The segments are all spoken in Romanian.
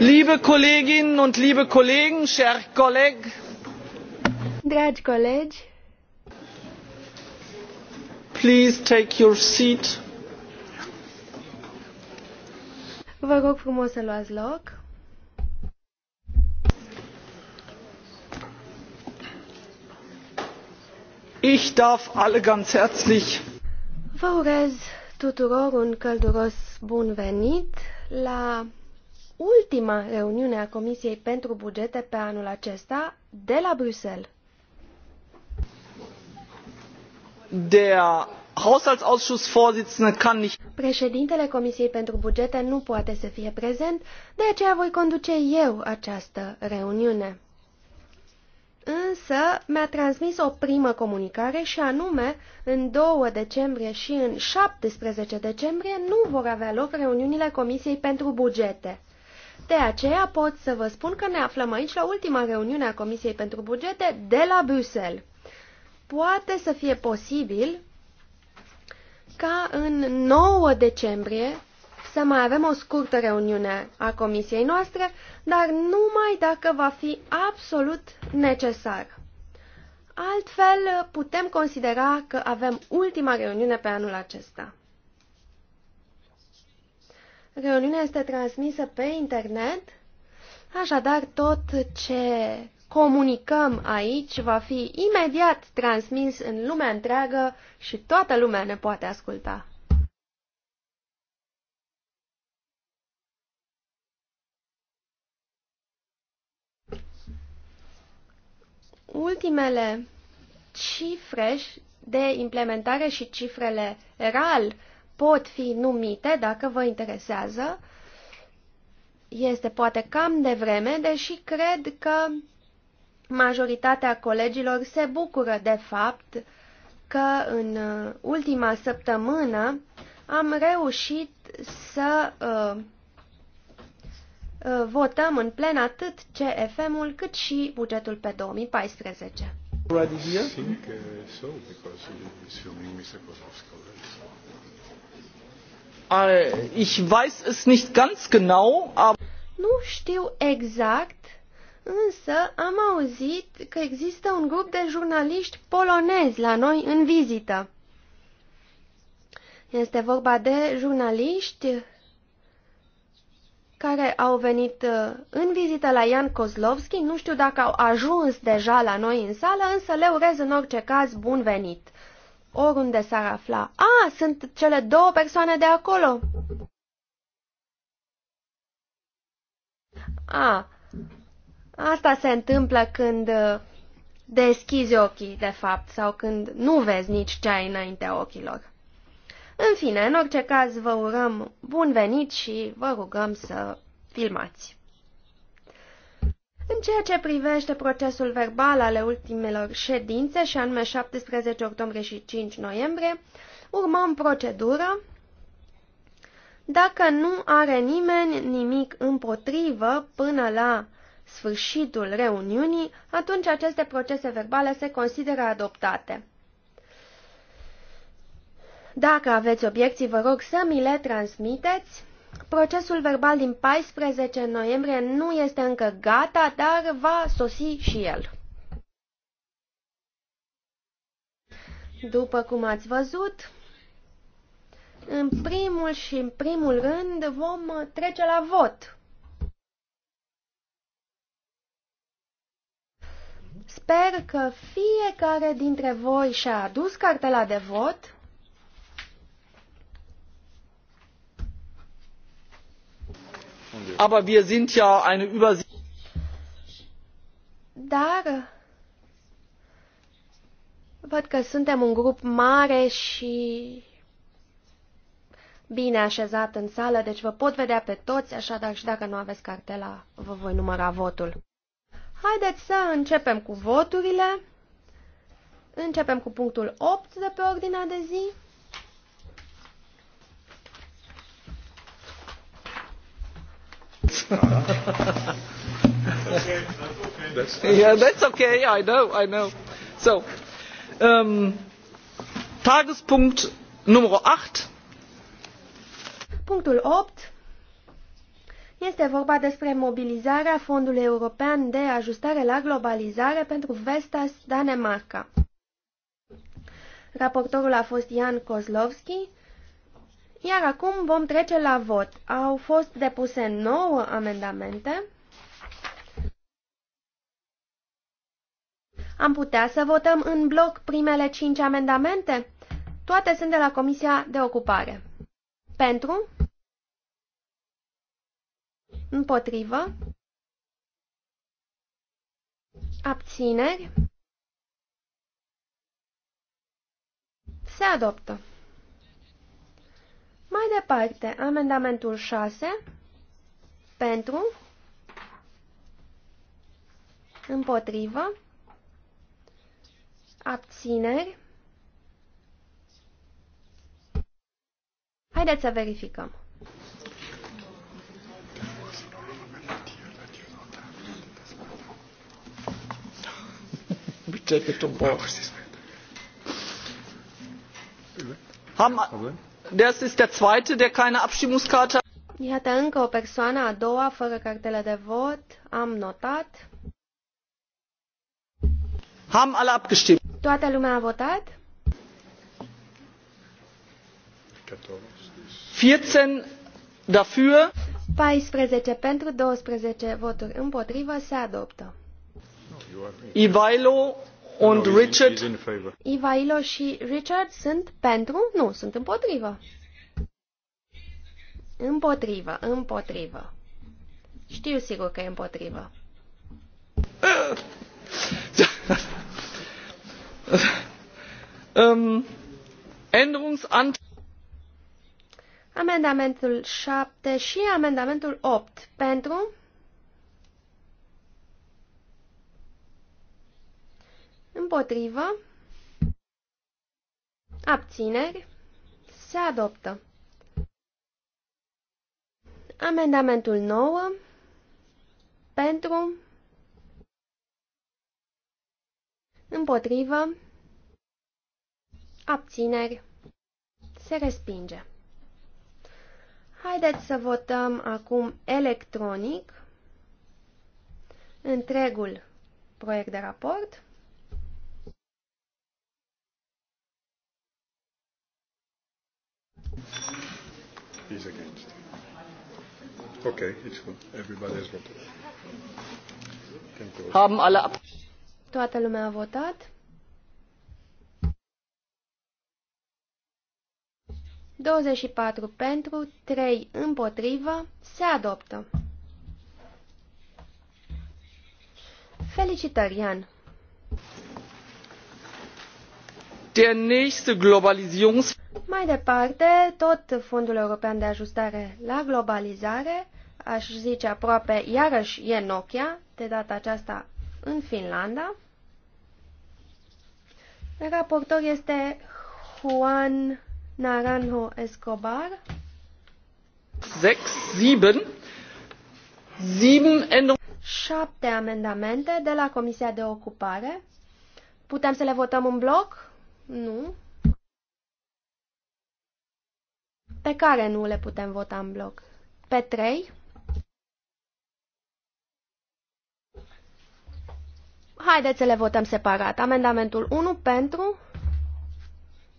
Liebe Kolleginnen und liebe Kollegen, cher coleg. Dragi colegi. Please take your seat. Vă rog frumos să luați loc. Ich darf alle ganz herzlich Vă urez tuturor un călduros bun venit la ultima reuniune a Comisiei pentru Bugete pe anul acesta de la Bruxelles. Der Haushaltsausschussvorsitzende kann nicht. Președintele Comisiei pentru Bugete nu poate să fie prezent, de aceea voi conduce eu această reuniune. Însă mi-a transmis o primă comunicare și anume, în 2 decembrie și în 17 decembrie nu vor avea loc reuniunile Comisiei pentru Bugete. De aceea pot să vă spun că ne aflăm aici la ultima reuniune a Comisiei pentru Bugete de la Bruxelles. Poate să fie posibil ca în 9 decembrie să mai avem o scurtă reuniune a comisiei noastre, dar numai dacă va fi absolut necesar. Altfel, putem considera că avem ultima reuniune pe anul acesta. Reuniunea este transmisă pe internet, așadar tot ce comunicăm aici va fi imediat transmis în lumea întreagă și toată lumea ne poate asculta. Ultimele cifre de implementare și cifrele RAL pot fi numite, dacă vă interesează. Este poate cam de vreme, deși cred că majoritatea colegilor se bucură de fapt că în uh, ultima săptămână am reușit să uh, uh, votăm în plen atât CFM-ul cât și bugetul pe 2014. Already here? I think uh, so, because he's filming Mr. Kozlovsky Äh, ich weiß es nicht ganz genau, aber nu știu exact, însă am auzit că există un grup de jurnaliști polonezi la noi în vizită. Este vorba de jurnaliști care au venit uh, în vizită la Ian Kozlovski. Nu știu dacă au ajuns deja la noi în sală, însă le urez în orice caz bun venit oriunde s-ar afla. A, sunt cele două persoane de acolo. A, asta se întâmplă când uh, deschizi ochii, de fapt, sau când nu vezi nici ce ai înaintea ochilor. În fine, în orice caz, vă urăm bun venit și vă rugăm să filmați. În ceea ce privește procesul verbal ale ultimelor ședințe, și anume 17 octombrie și 5 noiembrie, urmăm procedura. Dacă nu are nimeni nimic împotrivă până la sfârșitul reuniunii, atunci aceste procese verbale se consideră adoptate. Dacă aveți obiecții, vă rog să mi le transmiteți. Procesul verbal din 14 noiembrie nu este încă gata, dar va sosi și el. După cum ați văzut, în primul și în primul rând vom trece la vot. Sper că fiecare dintre voi și-a adus cartela de vot aber wir sind ja eine über Dar văd că suntem un grup mare și bine așezat în sală, deci vă pot vedea pe toți, așadar și dacă nu aveți cartela, vă voi număra votul. Haideți să începem cu voturile. Începem cu punctul 8 de pe ordinea de zi. that's that's yeah, that's okay. I know, I know. So, um, Tagespunkt Nummer 8. Punctul 8 este vorba despre mobilizarea Fondului European de Ajustare la Globalizare pentru Vestas Danemarca. Raportorul a fost Jan Kozlovski iar acum vom trece la vot. Au fost depuse 9 amendamente. Am putea să votăm în bloc primele 5 amendamente? Toate sunt de la Comisia de Ocupare. Pentru? Împotrivă? Abțineri? Se adoptă. Mai departe, amendamentul 6 pentru, împotrivă, abțineri. Haideți să verificăm. Începeți un poc. Am... Das ist der zweite, der keine Abstimmungskarte. Iată încă o persoană a doua fără cartele de vot. Am notat. Haben alle abgestimmt. Toată lumea a votat? 14 dafür. 14 pentru, 12 voturi împotrivă, se adoptă. Ivailo und no, Richard. Ivailo și Richard sunt pentru? Nu, sunt împotrivă. Împotrivă, împotrivă. Știu sigur că e împotrivă. um, Amendamentul 7 și amendamentul 8 pentru Împotrivă. Abțineri. Se adoptă. Amendamentul 9. Pentru. Împotrivă. Abțineri. Se respinge. Haideți să votăm acum electronic întregul proiect de raport. He's against. Okay, it's good. Everybody has voted. Haben alle Toată lumea a votat. Douăzeci și patru pentru, trei împotrivă, se adoptă. Felicitări, Ian! Der nächste Globalisierungs mai departe, tot Fondul European de Ajustare la Globalizare, aș zice aproape, iarăși e Nokia, de data aceasta în Finlanda. Raportor este Juan Naranjo Escobar. 6, 7, 7 Șapte amendamente de la Comisia de Ocupare. Putem să le votăm în bloc? Nu. pe care nu le putem vota în bloc. Pe 3. Haideți să le votăm separat. Amendamentul 1 pentru,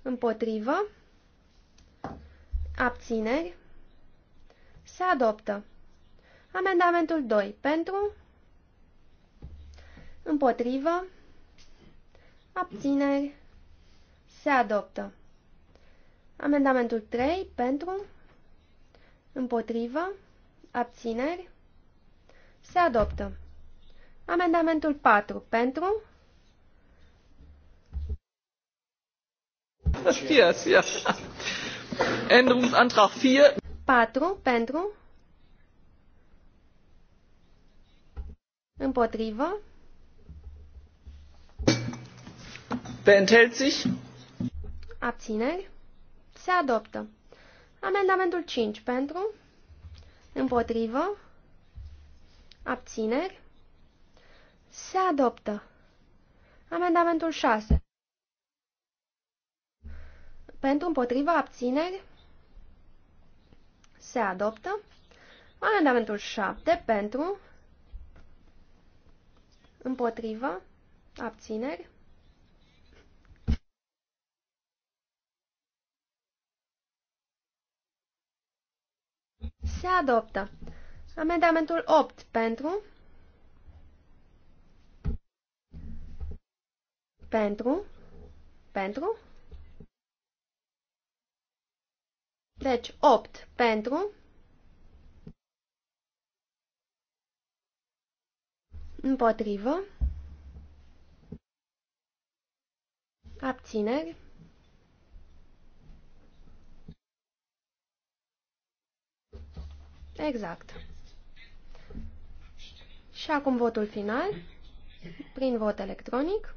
împotrivă, abțineri, se adoptă. Amendamentul 2 pentru, împotrivă, abțineri, se adoptă. Amendamentul 3 pentru, împotrivă, abțineri, se adoptă. Amendamentul 4 pentru. Yes, yes. Änderungsantrag 4. 4 pentru. Împotrivă. Wer enthält sich? Abțineri. Se adoptă. Amendamentul 5 pentru, împotrivă, abțineri, se adoptă. Amendamentul 6 pentru, împotrivă, abțineri, se adoptă. Amendamentul 7 pentru, împotrivă, abțineri, Se adoptă. Amendamentul 8 pentru. Pentru. Pentru. Deci 8 pentru. Împotrivă. Abțineri. Exact. Și acum votul final, prin vot electronic.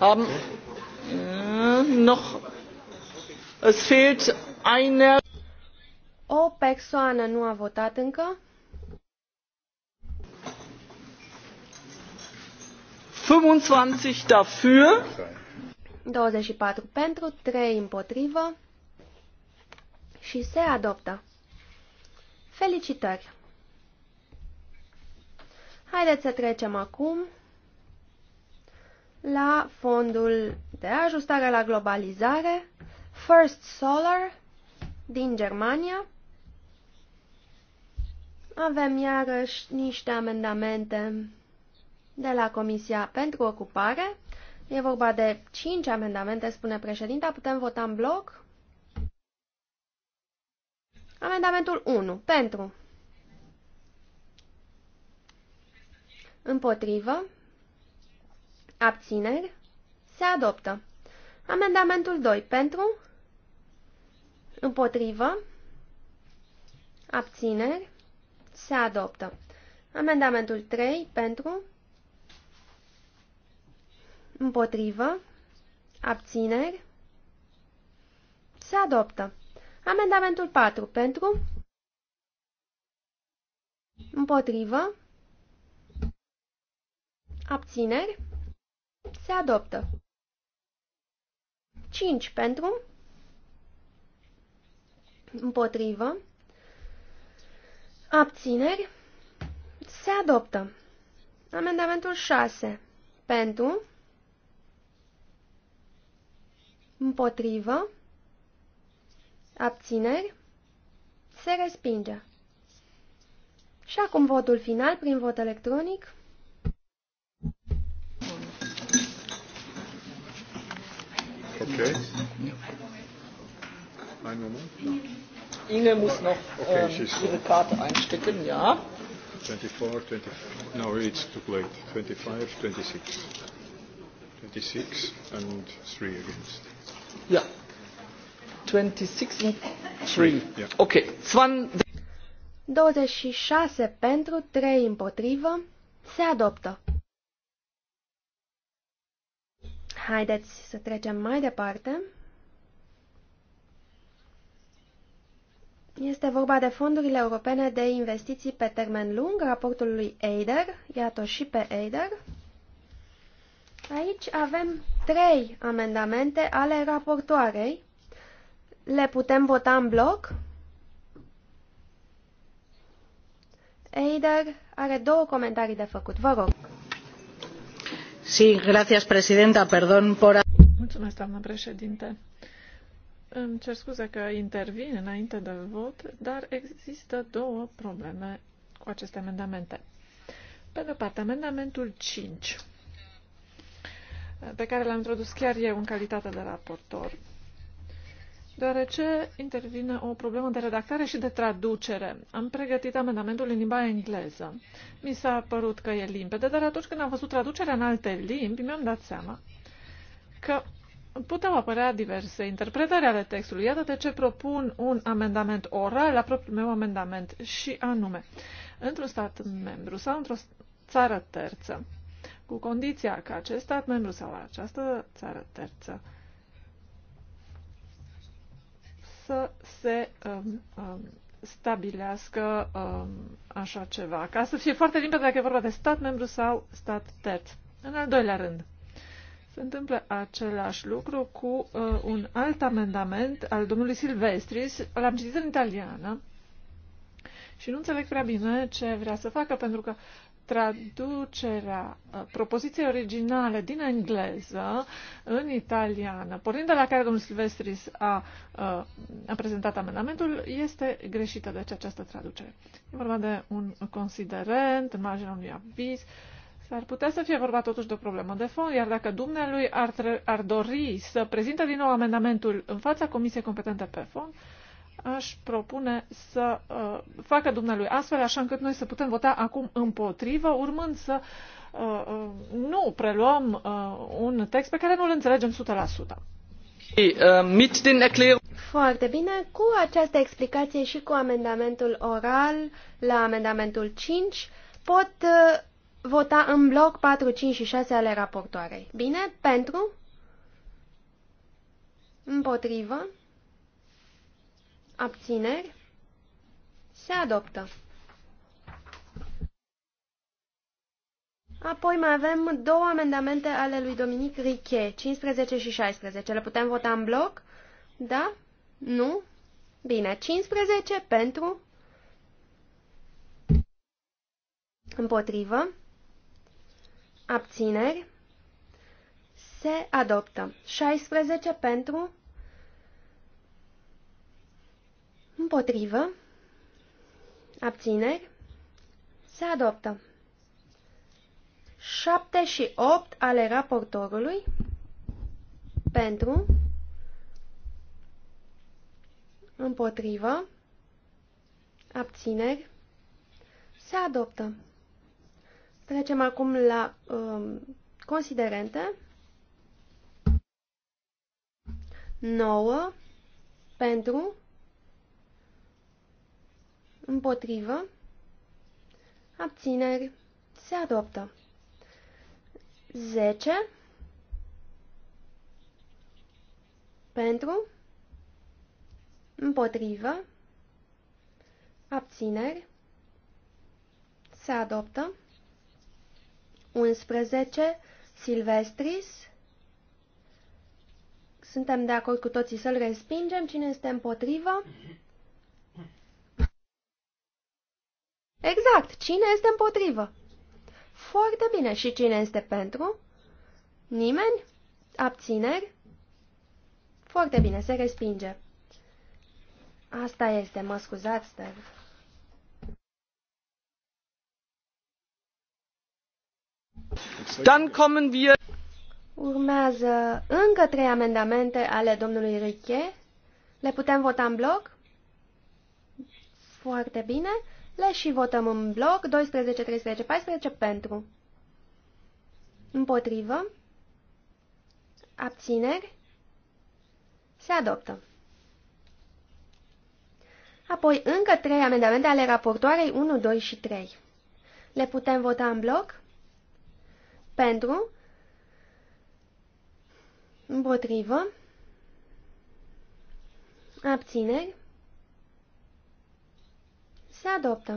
Um, noch es fehlt eine o persoană nu a votat încă. 25 dafür. 24 pentru, 3 împotrivă și se adoptă. Felicitări! Haideți să trecem acum la fondul de ajustare la globalizare First Solar din Germania. Avem iarăși niște amendamente de la Comisia pentru Ocupare. E vorba de cinci amendamente, spune președinta. Putem vota în bloc? Amendamentul 1. Pentru. Împotrivă. Abțineri. Se adoptă. Amendamentul 2. Pentru. Împotrivă. Abțineri. Se adoptă. Amendamentul 3. Pentru. Împotrivă. Abțineri. Se adoptă. Amendamentul 4. Pentru. Împotrivă. Abțineri. Se adoptă. 5 pentru. Împotrivă. Abțineri. Se adoptă. Amendamentul 6. Pentru. Împotrivă. Abțineri. Se respinge. Și acum votul final prin vot electronic. Okay. Ein Moment. No. Inge muss noch okay, ähm, ihre Karte einstecken, ja. 24, 25. No, it's too late. 25, 26. 26 and 3 against. Yeah. 26 and 3. Yeah. Okay. 26 pentru, 3 împotrivă. Se adoptă. Haideți să trecem mai departe. Este vorba de fondurile europene de investiții pe termen lung, raportul lui Eider, iată și pe Eider. Aici avem trei amendamente ale raportoarei. Le putem vota în bloc? Eider are două comentarii de făcut. Vă rog. Sí, gracias, presidenta. Perdón por... Mulțumesc, doamnă președinte. Îmi cer scuze că intervin înainte de vot, dar există două probleme cu aceste amendamente. Pe de parte, amendamentul 5 pe care l-am introdus chiar eu în calitate de raportor, deoarece intervine o problemă de redactare și de traducere. Am pregătit amendamentul în limba engleză. Mi s-a părut că e limpede, dar atunci când am văzut traducerea în alte limbi, mi-am dat seama că puteau apărea diverse interpretări ale textului. Iată de ce propun un amendament oral la propriul meu amendament și anume, într-un stat membru sau într-o țară terță, cu condiția că acest stat membru sau această țară terță să se um, um, stabilească um, așa ceva, ca să fie foarte limpede dacă e vorba de stat membru sau stat terț. În al doilea rând, se întâmplă același lucru cu uh, un alt amendament al domnului Silvestris, l-am citit în italiană și nu înțeleg prea bine ce vrea să facă, pentru că traducerea uh, propoziției originale din engleză în italiană, pornind de la care domnul Silvestris a, uh, a prezentat amendamentul, este greșită de deci, această traducere. E vorba de un considerent în marginea unui aviz. S-ar putea să fie vorba totuși de o problemă de fond, iar dacă dumnealui ar, ar dori să prezinte din nou amendamentul în fața comisiei competente pe fond, uh, aș propune să uh, facă dumnealui astfel, așa încât noi să putem vota acum împotrivă, urmând să uh, uh, nu preluăm uh, un text pe care nu îl înțelegem 100%. Uh, Foarte bine, cu această explicație și cu amendamentul oral la amendamentul 5 pot uh, vota în bloc 4, 5 și 6 ale raportoarei. Bine, pentru? Împotrivă? Abțineri. Se adoptă. Apoi mai avem două amendamente ale lui Dominic Riche: 15 și 16. Le putem vota în bloc? Da? Nu? Bine, 15 pentru, împotrivă, abțineri, se adoptă. 16 pentru, Împotrivă. Abțineri. Se adoptă. 7 și 8 ale raportorului. Pentru. Împotrivă. Abțineri. Se adoptă. Trecem acum la um, considerente. 9 pentru Împotrivă. Abțineri. Se adoptă. 10. Pentru. Împotrivă. Abțineri. Se adoptă. 11. Silvestris. Suntem de acord cu toții să-l respingem. Cine este împotrivă? Exact, cine este împotrivă? Foarte bine, și cine este pentru? Nimeni? Abțineri? Foarte bine, se respinge. Asta este, mă scuzați, dar... Dann kommen wir... Urmează încă trei amendamente ale domnului Riche. Le putem vota în bloc? Foarte bine. Le și votăm în bloc 12, 13, 14 pentru. Împotrivă. Abțineri. Se adoptă. Apoi încă trei amendamente ale raportoarei 1, 2 și 3. Le putem vota în bloc? Pentru. Împotrivă. Abțineri. Se adoptă.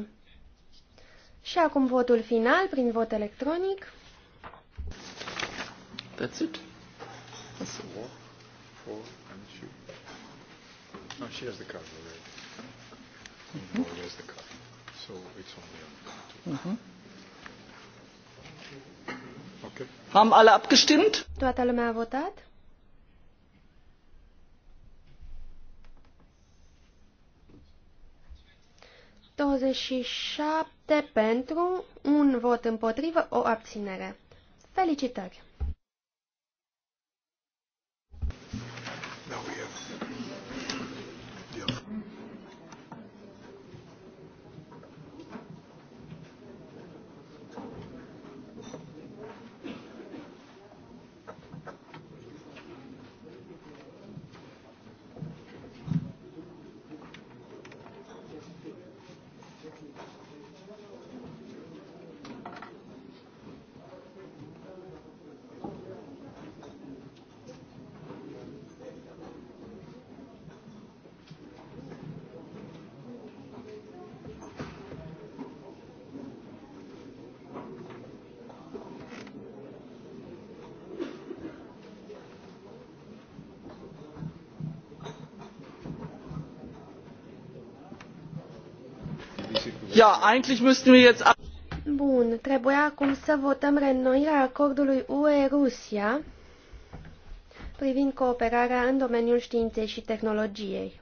Și acum votul final prin vot electronic. That's it. That's the Four and two. No, she has the card already. Mm -hmm. the card. So it's only on mm -hmm. Okay. Haben alle abgestimmt? Toată lumea a votat? 27 pentru, un vot împotrivă, o abținere. Felicitări! Bun, trebuie acum să votăm reînnoirea acordului UE-Rusia privind cooperarea în domeniul științei și tehnologiei.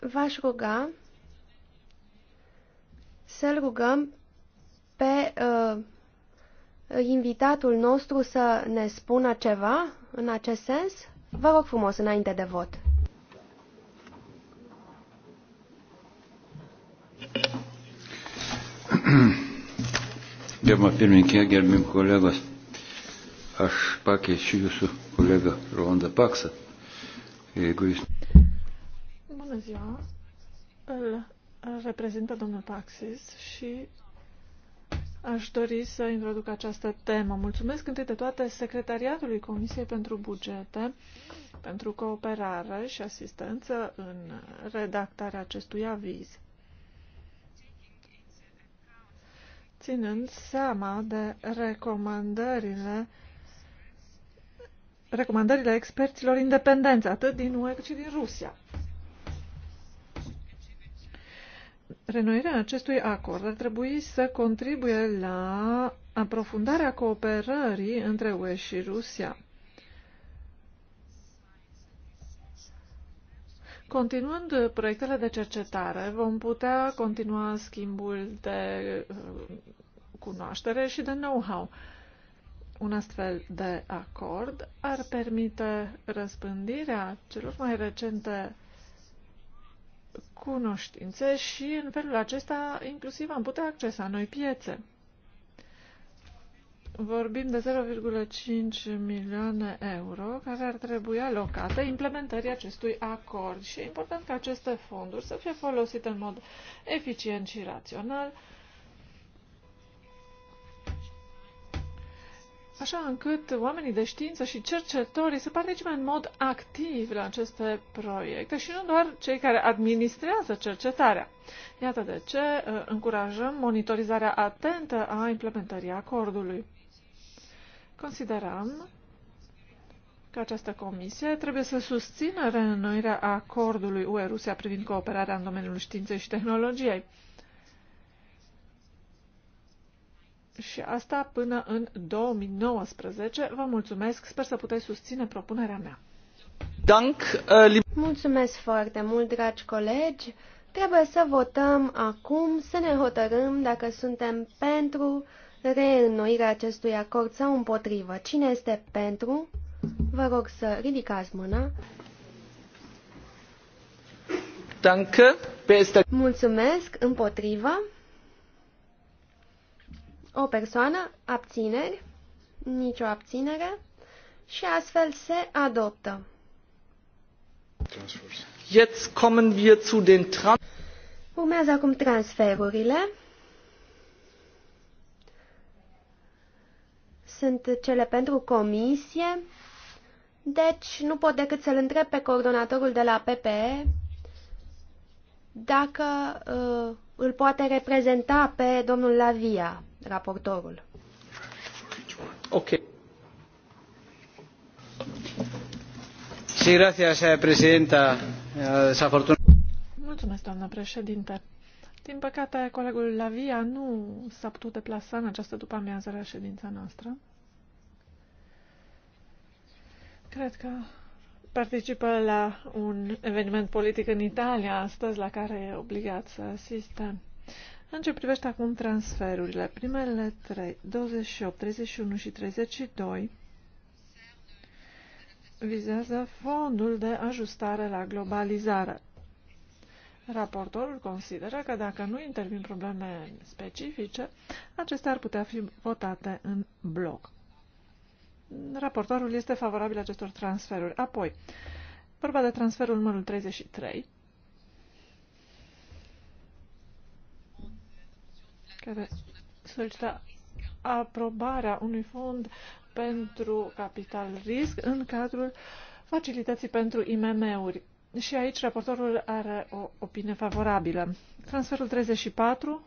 V-aș ruga să-l rugăm pe uh, invitatul nostru să ne spună ceva în acest sens. Vă rog frumos, înainte de vot. Gerbiamą pirmininkę, gerbiami kolegos, aš pakeičiu jūsų kolegą Rolandą Paksą. Jeigu jis... Bună ziua. Îl reprezintă domnul Paxis și Aș dori să introduc această temă. Mulțumesc întâi de toate Secretariatului Comisiei pentru Bugete pentru cooperare și asistență în redactarea acestui aviz. Ținând seama de recomandările recomandările experților independenți, atât din UE cât și din Rusia. Renoirea acestui acord ar trebui să contribuie la aprofundarea cooperării între UE și Rusia. Continuând proiectele de cercetare, vom putea continua schimbul de uh, cunoaștere și de know-how. Un astfel de acord ar permite răspândirea celor mai recente cunoștințe și în felul acesta inclusiv am putea accesa noi piețe. Vorbim de 0,5 milioane euro care ar trebui alocate implementării acestui acord și e important ca aceste fonduri să fie folosite în mod eficient și rațional așa încât oamenii de știință și cercetătorii să participe în mod activ la aceste proiecte și nu doar cei care administrează cercetarea. Iată de ce uh, încurajăm monitorizarea atentă a implementării acordului. Considerăm că această comisie trebuie să susțină reînnoirea acordului UE-Rusia privind cooperarea în domeniul științei și tehnologiei. și asta până în 2019. Vă mulțumesc, sper să puteți susține propunerea mea. Uh, mulțumesc foarte mult, dragi colegi. Trebuie să votăm acum, să ne hotărâm dacă suntem pentru reînnoirea acestui acord sau împotrivă. Cine este pentru? Vă rog să ridicați mâna. Danke. Mulțumesc. Împotriva. O persoană, abțineri, nicio abținere și astfel se adoptă. Jetzt kommen wir zu den Urmează acum transferurile. Sunt cele pentru comisie. Deci nu pot decât să-l întreb pe coordonatorul de la PPE dacă uh, îl poate reprezenta pe domnul Lavia, raportorul. Ok. Sí, gracias, eh, presidenta. Eh, Mulțumesc, doamnă președinte. Din păcate, colegul Lavia nu s-a putut deplasa în această după-amiază la ședința noastră. Cred că participă la un eveniment politic în Italia astăzi la care e obligat să asiste. În ce privește acum transferurile, primele 3, 28, 31 și 32 vizează fondul de ajustare la globalizare. Raportorul consideră că dacă nu intervin probleme specifice, acestea ar putea fi votate în bloc raportorul este favorabil acestor transferuri. Apoi, vorba de transferul numărul 33, care solicită aprobarea unui fond pentru capital risc în cadrul facilității pentru IMM-uri. Și aici raportorul are o opinie favorabilă. Transferul 34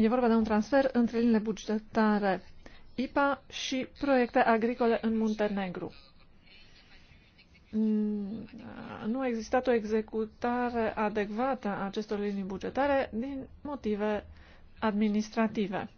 E vorba de un transfer între linile bugetare IPA și proiecte agricole în Muntenegru. Mm, nu a existat o executare adecvată a acestor linii bugetare din motive administrative.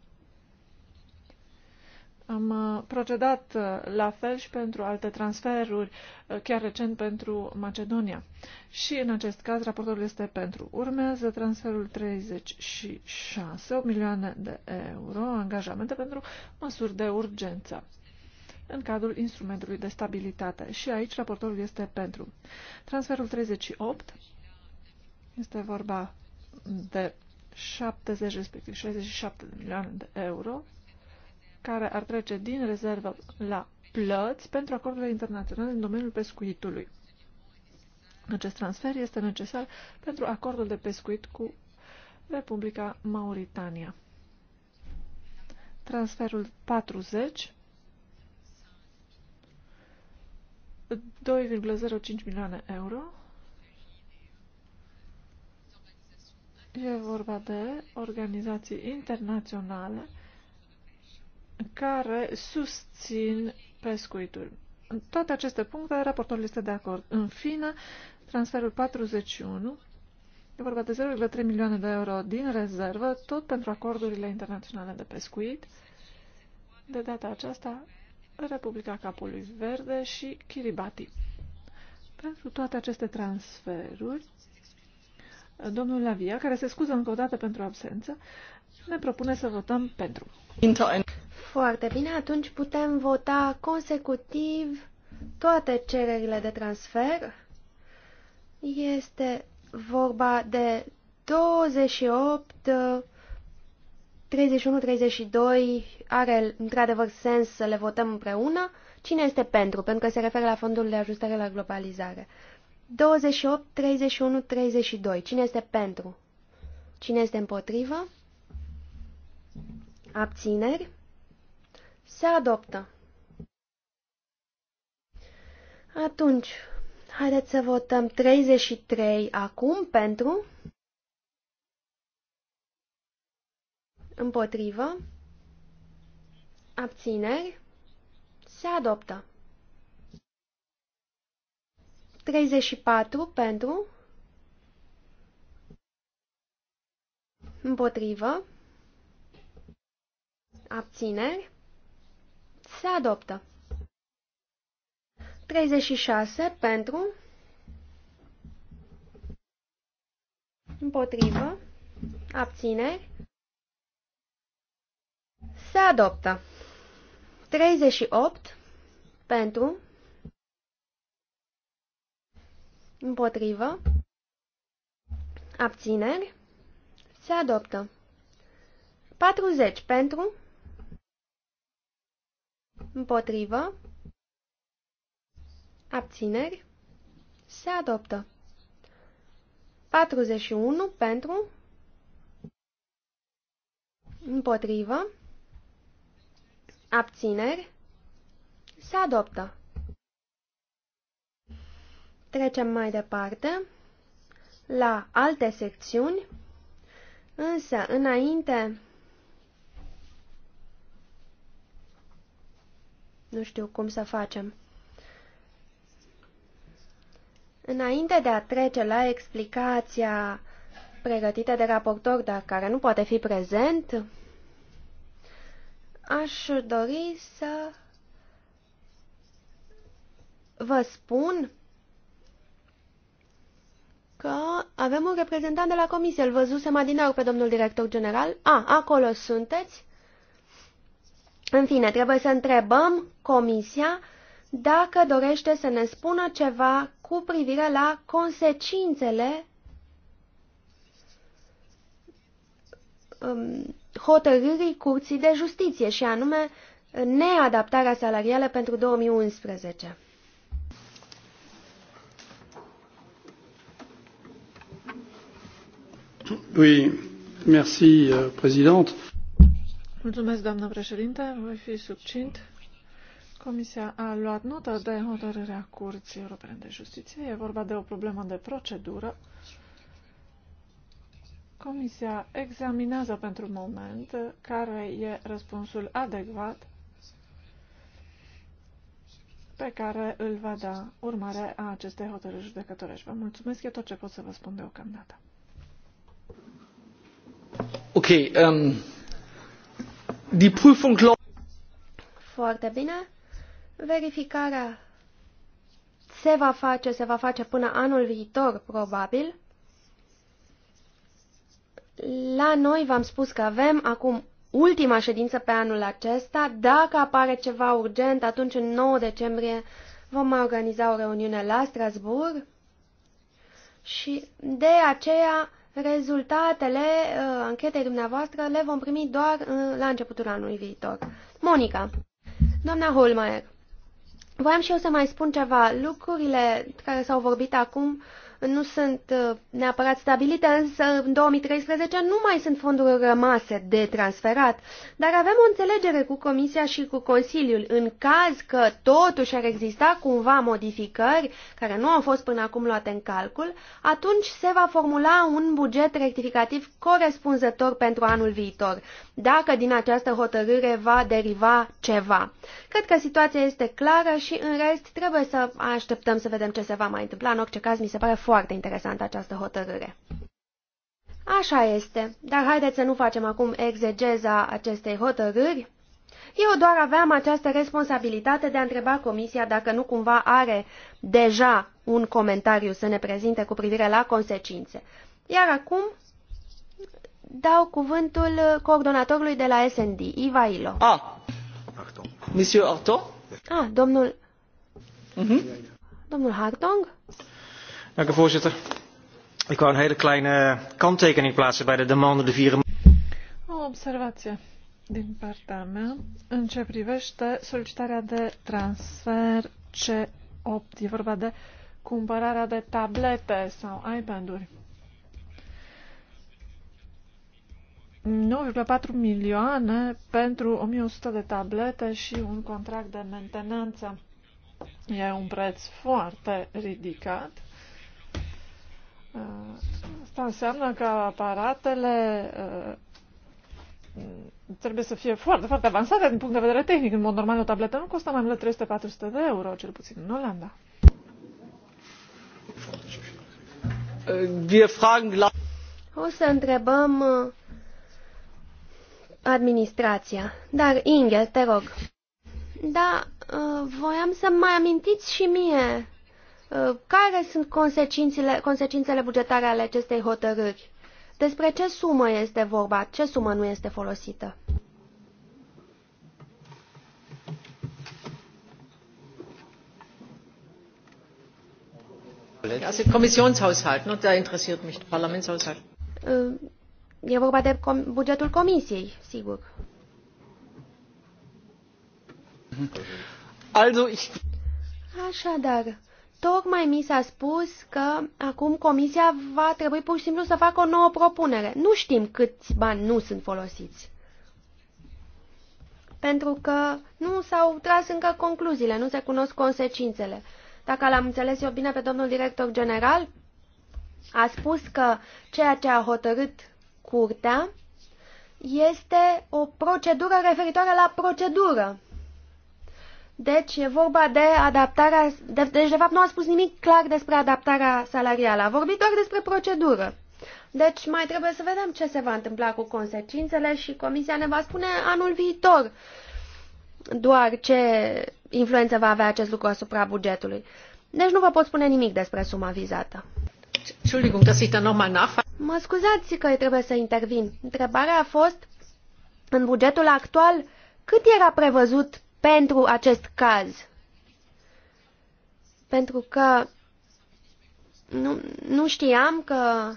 Am uh, procedat uh, la fel și pentru alte transferuri, uh, chiar recent pentru Macedonia. Și în acest caz raportul este pentru. Urmează transferul 36, 8 milioane de euro, angajamente pentru măsuri de urgență în cadrul instrumentului de stabilitate. Și aici raportorul este pentru. Transferul 38 este vorba de 70, respectiv 67 de milioane de euro care ar trece din rezervă la plăți pentru acordurile internaționale în domeniul pescuitului. Acest transfer este necesar pentru acordul de pescuit cu Republica Mauritania. Transferul 40 2,05 milioane euro. E vorba de organizații internaționale care susțin pescuitul. În toate aceste puncte, raportorul este de acord. În fine, transferul 41, e vorba de 0,3 milioane de euro din rezervă, tot pentru acordurile internaționale de pescuit, de data aceasta Republica Capului Verde și Kiribati. Pentru toate aceste transferuri, domnul Lavia, care se scuză încă o dată pentru absență, ne propune să votăm pentru. Foarte bine, atunci putem vota consecutiv toate cererile de transfer. Este vorba de 28, 31, 32, are într-adevăr sens să le votăm împreună. Cine este pentru? Pentru că se referă la fondul de ajustare la globalizare. 28, 31, 32. Cine este pentru? Cine este împotrivă? Abțineri? Se adoptă. Atunci, haideți să votăm 33 acum pentru, împotrivă, abțineri, se adoptă. 34 pentru, împotrivă, abțineri, se adoptă. 36 pentru, împotrivă, abțineri, se adoptă. 38 pentru, împotrivă, abțineri, se adoptă. 40 pentru, Împotrivă. Abțineri. Se adoptă. 41 pentru. Împotrivă. Abțineri. Se adoptă. Trecem mai departe la alte secțiuni, însă înainte Nu știu cum să facem. Înainte de a trece la explicația pregătită de raportor, dar care nu poate fi prezent, aș dori să vă spun că avem un reprezentant de la comisie. Îl văzusem adineaur pe domnul director general. A, acolo sunteți. În fine, trebuie să întrebăm Comisia dacă dorește să ne spună ceva cu privire la consecințele um, hotărârii Curții de Justiție și anume neadaptarea salarială pentru 2011. Oui, merci, euh, présidente. Mulțumesc, doamnă președinte. Voi fi succint. Comisia a luat notă de hotărârea Curții Europene de Justiție. E vorba de o problemă de procedură. Comisia examinează pentru moment care e răspunsul adecvat pe care îl va da urmare a acestei hotărâri judecătorești. Vă mulțumesc, e tot ce pot să vă spun deocamdată. Ok, um, Die Prüfung Foarte bine. Verificarea se va face, se va face până anul viitor, probabil. La noi v-am spus că avem acum ultima ședință pe anul acesta. Dacă apare ceva urgent, atunci în 9 decembrie vom mai organiza o reuniune la Strasburg. Și de aceea Rezultatele uh, anchetei dumneavoastră le vom primi doar uh, la începutul anului viitor. Monica, doamna Holmeier, voiam și eu să mai spun ceva. Lucrurile care s-au vorbit acum uh, nu sunt uh, neapărat stabilite, însă în 2013 nu mai sunt fonduri rămase de transferat, dar avem o înțelegere cu Comisia și cu Consiliul. În caz că totuși ar exista cumva modificări care nu au fost până acum luate în calcul, atunci se va formula un buget rectificativ corespunzător pentru anul viitor dacă din această hotărâre va deriva ceva. Cred că situația este clară și în rest trebuie să așteptăm să vedem ce se va mai întâmpla. În orice caz, mi se pare foarte interesantă această hotărâre. Așa este, dar haideți să nu facem acum exegeza acestei hotărâri. Eu doar aveam această responsabilitate de a întreba Comisia dacă nu cumva are deja un comentariu să ne prezinte cu privire la consecințe. Iar acum dau cuvântul coordonatorului de la SND, Ivailo. Ah, Monsieur Arton? Ah, domnul... Mm -hmm. Domnul Hartong? Dank u, voorzitter. Ik wou een hele kleine kanttekening plaatsen bij de demande de vier... O observație din partea mea în ce privește solicitarea de transfer C8. E vorba de cumpărarea de tablete sau iPad-uri. 9,4 milioane pentru 1100 de tablete și un contract de mentenanță. E un preț foarte ridicat. Asta înseamnă că aparatele uh, trebuie să fie foarte, foarte avansate din punct de vedere tehnic. În mod normal, o tabletă nu costă mai mult de 300-400 de euro, cel puțin în Olanda. Uh, o să întrebăm uh, administrația. Dar, Inge, te rog. Da, uh, voiam să mai amintiți și mie uh, care sunt consecințele, consecințele bugetare ale acestei hotărâri. Despre ce sumă este vorba, ce sumă nu este folosită. Comisionshaushalt, Kommissionshaushalt, ne? der interessiert mich, Parlamentshaushalt. Uh, E vorba de com bugetul comisiei, sigur. Așadar, tocmai mi s-a spus că acum comisia va trebui pur și simplu să facă o nouă propunere. Nu știm câți bani nu sunt folosiți. Pentru că nu s-au tras încă concluziile, nu se cunosc consecințele. Dacă l-am înțeles eu bine pe domnul director general, a spus că ceea ce a hotărât curtea este o procedură referitoare la procedură. Deci e vorba de adaptarea, de, deci de fapt nu a spus nimic clar despre adaptarea salarială, a vorbit doar despre procedură. Deci mai trebuie să vedem ce se va întâmpla cu consecințele și comisia ne va spune anul viitor doar ce influență va avea acest lucru asupra bugetului. Deci nu vă pot spune nimic despre suma vizată. Entschuldigung, dass ich da nochmal nachfrage. Mă scuzați că trebuie să intervin. Întrebarea a fost, în bugetul actual, cât era prevăzut pentru acest caz? Pentru că nu, nu știam că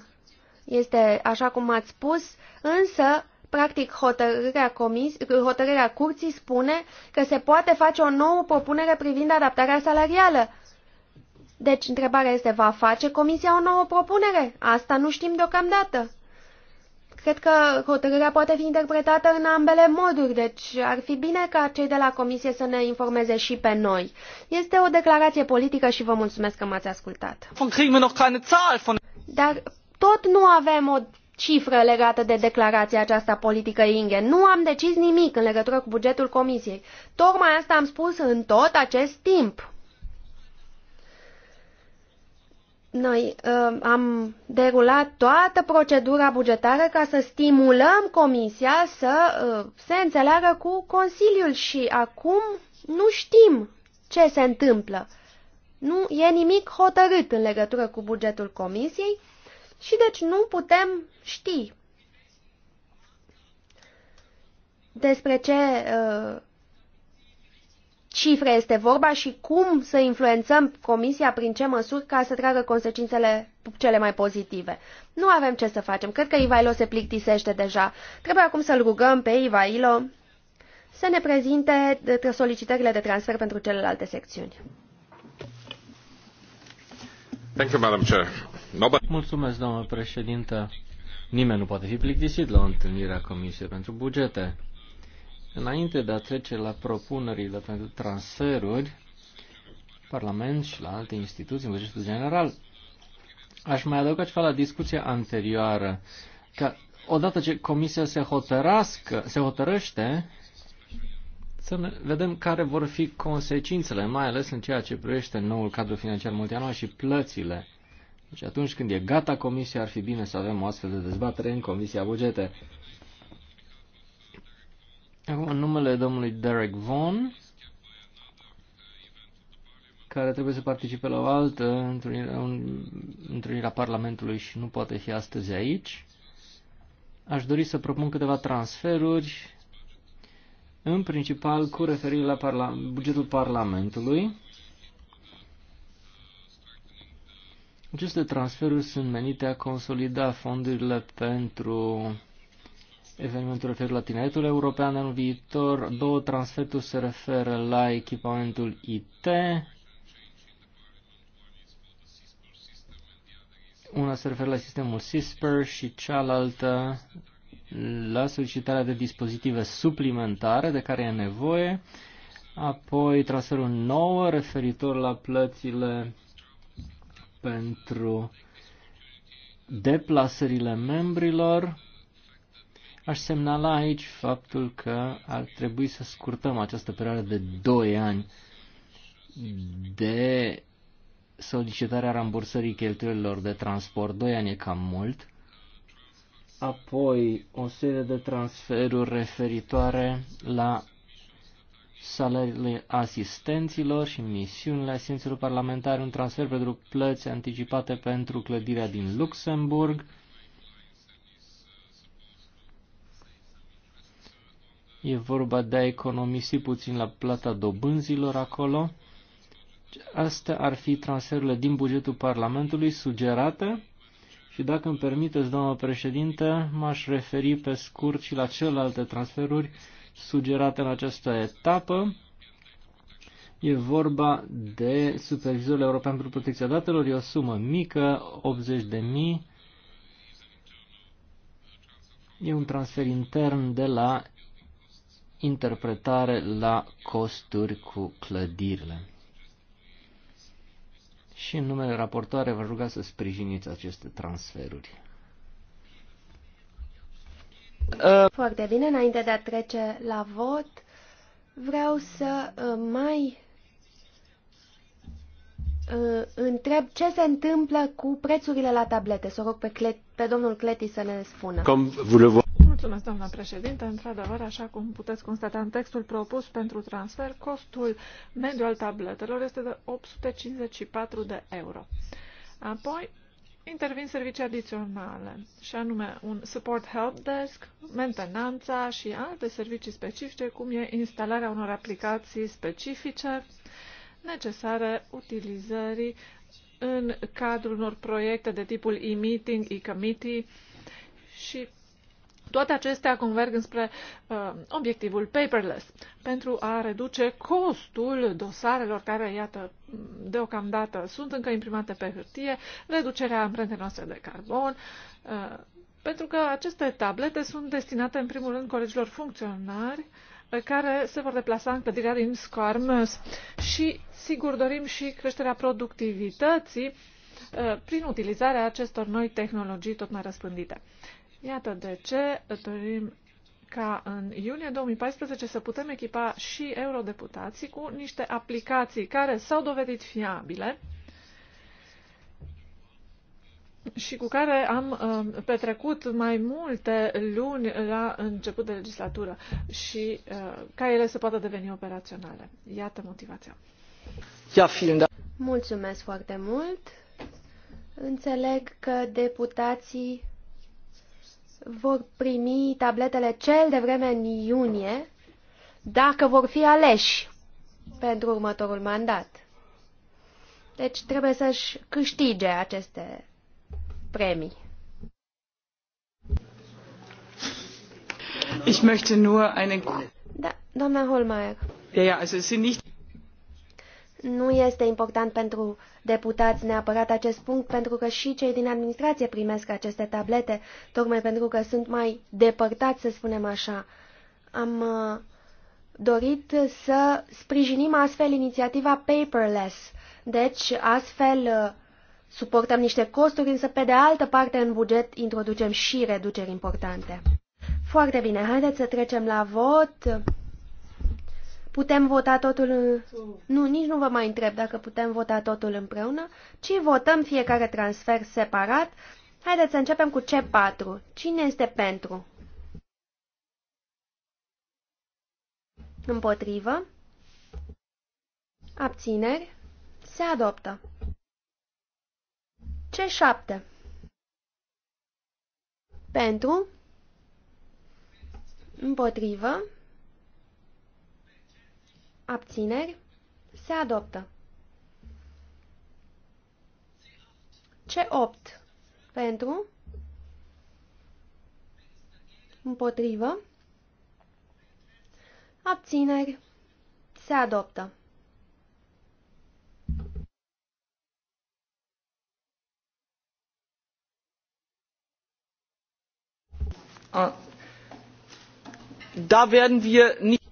este așa cum ați spus, însă, practic, hotărârea, comis, hotărârea curții spune că se poate face o nouă propunere privind adaptarea salarială. Deci, întrebarea este, va face Comisia o nouă propunere? Asta nu știm deocamdată. Cred că hotărârea poate fi interpretată în ambele moduri, deci ar fi bine ca cei de la Comisie să ne informeze și pe noi. Este o declarație politică și vă mulțumesc că m-ați ascultat. Dar tot nu avem o cifră legată de declarația aceasta politică Inge. Nu am decis nimic în legătură cu bugetul Comisiei. Tocmai asta am spus în tot acest timp. Noi uh, am derulat toată procedura bugetară ca să stimulăm Comisia să uh, se înțeleagă cu Consiliul și acum nu știm ce se întâmplă. Nu e nimic hotărât în legătură cu bugetul Comisiei și deci nu putem ști despre ce uh, cifre este vorba și cum să influențăm Comisia prin ce măsuri ca să tragă consecințele cele mai pozitive. Nu avem ce să facem. Cred că Ivailo se plictisește deja. Trebuie acum să-l rugăm pe Ivailo să ne prezinte solicitările de transfer pentru celelalte secțiuni. Thank you, Madam Chair. Nobody... Mulțumesc, doamnă președintă. Nimeni nu poate fi plictisit la o întâlnire a Comisiei pentru bugete. Înainte de a trece la propunerile pentru transferuri, Parlament și la alte instituții, în bugetul general, aș mai adăuga ceva la discuția anterioară, că odată ce Comisia se, hotărască, se hotărăște, să ne vedem care vor fi consecințele, mai ales în ceea ce privește noul cadru financiar multianual și plățile. Deci atunci când e gata comisia, ar fi bine să avem o astfel de dezbatere în Comisia Bugete. Acum, în numele domnului Derek Vaughan, care trebuie să participe la o altă întâlnire, întâlnire a Parlamentului și nu poate fi astăzi aici, aș dori să propun câteva transferuri, în principal cu referire la parla- bugetul Parlamentului. Aceste transferuri sunt menite a consolida fondurile pentru evenimentul referit la tineretul european anul viitor, două transferuri se referă la echipamentul IT, una se referă la sistemul CISPR și cealaltă la solicitarea de dispozitive suplimentare de care e nevoie, apoi transferul nou referitor la plățile pentru deplasările membrilor, Aș semnala aici faptul că ar trebui să scurtăm această perioadă de 2 ani de solicitarea rambursării cheltuielilor de transport. 2 ani e cam mult. Apoi o serie de transferuri referitoare la salariile asistenților și misiunile asistenților parlamentare, un transfer pentru plăți anticipate pentru clădirea din Luxemburg, E vorba de a economisi puțin la plata dobânzilor acolo. Astea ar fi transferurile din bugetul Parlamentului sugerate și dacă îmi permiteți, doamnă președinte, m-aș referi pe scurt și la celelalte transferuri sugerate în această etapă. E vorba de Supervizorul European pentru Protecția Datelor, e o sumă mică, 80 de mii. E un transfer intern de la interpretare la costuri cu clădirile. Și în numele raportoare vă ruga să sprijiniți aceste transferuri. Uh. Foarte bine, înainte de a trece la vot, vreau să uh, mai uh, întreb ce se întâmplă cu prețurile la tablete. Să rog pe, Clet, pe domnul Cleti să ne spună. Mulțumesc, doamna președinte. Într-adevăr, așa cum puteți constata în textul propus pentru transfer, costul mediu al tabletelor este de 854 de euro. Apoi, intervin servicii adiționale, și anume un support help desk, mentenanța și alte servicii specifice, cum e instalarea unor aplicații specifice necesare utilizării în cadrul unor proiecte de tipul e-meeting, e-committee și toate acestea converg înspre uh, obiectivul paperless, pentru a reduce costul dosarelor care, iată, deocamdată sunt încă imprimate pe hârtie, reducerea amprentei noastre de carbon, uh, pentru că aceste tablete sunt destinate, în primul rând, colegilor funcționari uh, care se vor deplasa în clădirea din Squarmus. Și, sigur, dorim și creșterea productivității uh, prin utilizarea acestor noi tehnologii tot mai răspândite. Iată de ce dorim ca în iunie 2014 să putem echipa și eurodeputații cu niște aplicații care s-au dovedit fiabile și cu care am uh, petrecut mai multe luni la început de legislatură și uh, ca ele să poată deveni operaționale. Iată motivația. Ia, fiind... Mulțumesc foarte mult. Înțeleg că deputații vor primi tabletele cel de vreme în iunie, dacă vor fi aleși pentru următorul mandat. Deci trebuie să-și câștige aceste premii. Ich möchte nur eine... da, doamna Holmeier. Ja, ja, also es sind nicht nu este important pentru deputați neapărat acest punct, pentru că și cei din administrație primesc aceste tablete, tocmai pentru că sunt mai depărtați, să spunem așa. Am uh, dorit să sprijinim astfel inițiativa Paperless. Deci, astfel, uh, suportăm niște costuri, însă, pe de altă parte, în buget introducem și reduceri importante. Foarte bine, haideți să trecem la vot. Putem vota totul... Nu, nici nu vă mai întreb dacă putem vota totul împreună, ci votăm fiecare transfer separat. Haideți să începem cu C4. Cine este pentru? Împotrivă. Abțineri. Se adoptă. C7. Pentru. Împotrivă. Abțineri. Se adoptă. C8. Pentru. Împotrivă. Abțineri. Se adoptă. A. Da werden wir nicht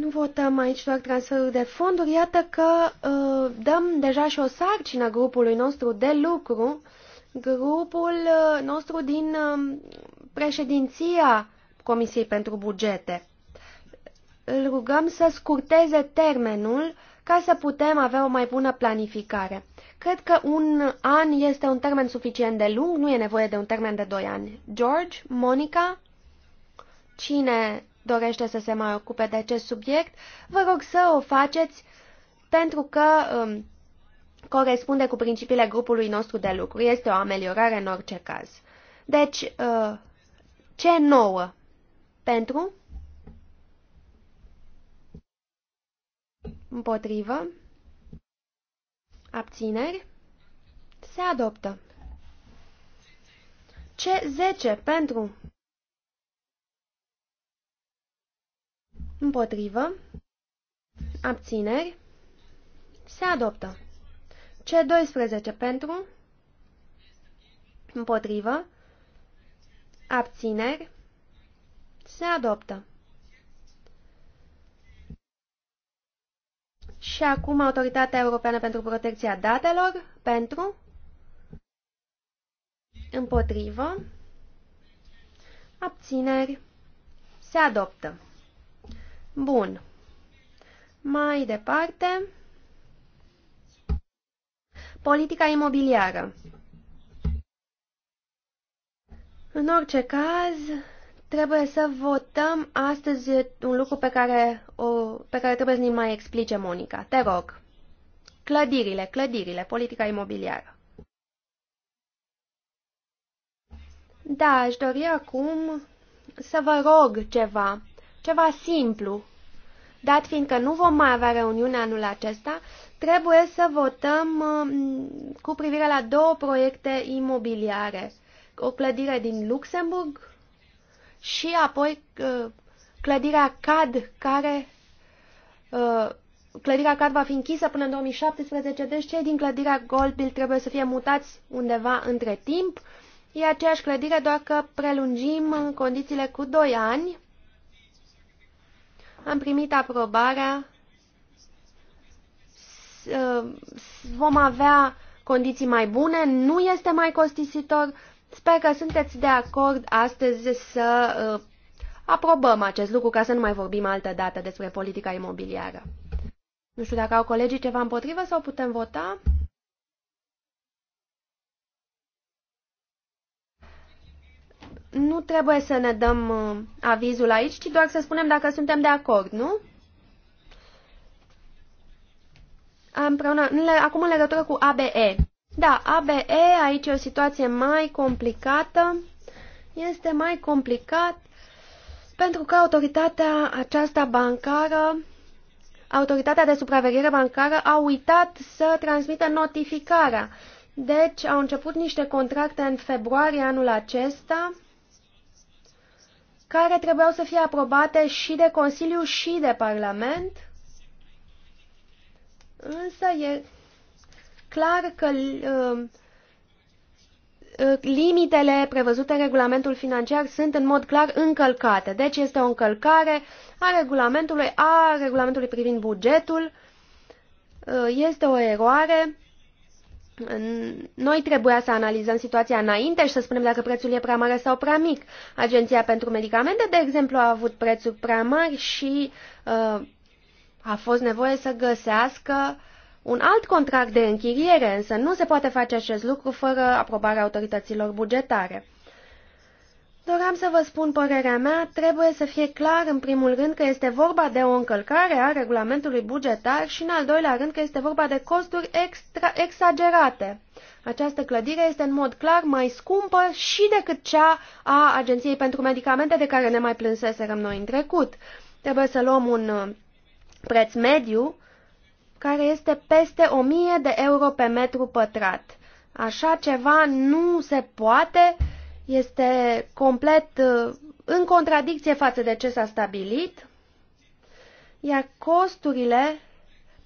nu votăm aici doar transferuri de fonduri, iată că uh, dăm deja și o sarcină grupului nostru de lucru, grupul uh, nostru din uh, președinția Comisiei pentru Bugete. Îl rugăm să scurteze termenul ca să putem avea o mai bună planificare. Cred că un an este un termen suficient de lung, nu e nevoie de un termen de doi ani. George, Monica, cine dorește să se mai ocupe de acest subiect, vă rog să o faceți pentru că um, corespunde cu principiile grupului nostru de lucru. Este o ameliorare în orice caz. Deci, uh, ce nouă? Pentru? Împotrivă? Abțineri? Se adoptă. Ce 10 pentru? Împotrivă. Abțineri. Se adoptă. C12 pentru. Împotrivă. Abțineri. Se adoptă. Și acum Autoritatea Europeană pentru Protecția Datelor, pentru, împotrivă, abțineri, se adoptă. Bun. Mai departe. Politica imobiliară. În orice caz, trebuie să votăm astăzi un lucru pe care, o, pe care trebuie să ne mai explice Monica. Te rog. Clădirile, clădirile, politica imobiliară. Da, aș dori acum să vă rog ceva. Ceva simplu. Dat fiindcă nu vom mai avea reuniune anul acesta, trebuie să votăm um, cu privire la două proiecte imobiliare. O clădire din Luxemburg și apoi uh, clădirea CAD, care uh, clădirea CAD va fi închisă până în 2017, deci cei din clădirea Goldbill trebuie să fie mutați undeva între timp. E aceeași clădire, doar că prelungim uh, condițiile cu 2 ani am primit aprobarea, uh, vom avea condiții mai bune, nu este mai costisitor. Sper că sunteți de acord astăzi să uh, aprobăm acest lucru ca să nu mai vorbim altă dată despre politica imobiliară. Nu știu dacă au colegii ceva împotrivă sau putem vota. nu trebuie să ne dăm uh, avizul aici, ci doar să spunem dacă suntem de acord, nu? Împreună, le, acum în legătură cu ABE. Da, ABE, aici e o situație mai complicată. Este mai complicat pentru că autoritatea aceasta bancară, autoritatea de supraveghere bancară, a uitat să transmită notificarea. Deci au început niște contracte în februarie anul acesta care trebuiau să fie aprobate și de Consiliu și de Parlament, însă e clar că uh, uh, limitele prevăzute în regulamentul financiar sunt în mod clar încălcate. Deci este o încălcare a regulamentului, a regulamentului privind bugetul, uh, este o eroare noi trebuia să analizăm situația înainte și să spunem dacă prețul e prea mare sau prea mic. Agenția pentru Medicamente, de exemplu, a avut prețuri prea mari și uh, a fost nevoie să găsească un alt contract de închiriere, însă nu se poate face acest lucru fără aprobarea autorităților bugetare. Doream să vă spun părerea mea, trebuie să fie clar în primul rând că este vorba de o încălcare a regulamentului bugetar și în al doilea rând că este vorba de costuri extra exagerate. Această clădire este în mod clar mai scumpă și decât cea a Agenției pentru Medicamente de care ne mai plânseserăm noi în trecut. Trebuie să luăm un uh, preț mediu care este peste 1000 de euro pe metru pătrat. Așa ceva nu se poate uh, este complet uh, în contradicție față de ce s-a stabilit, iar costurile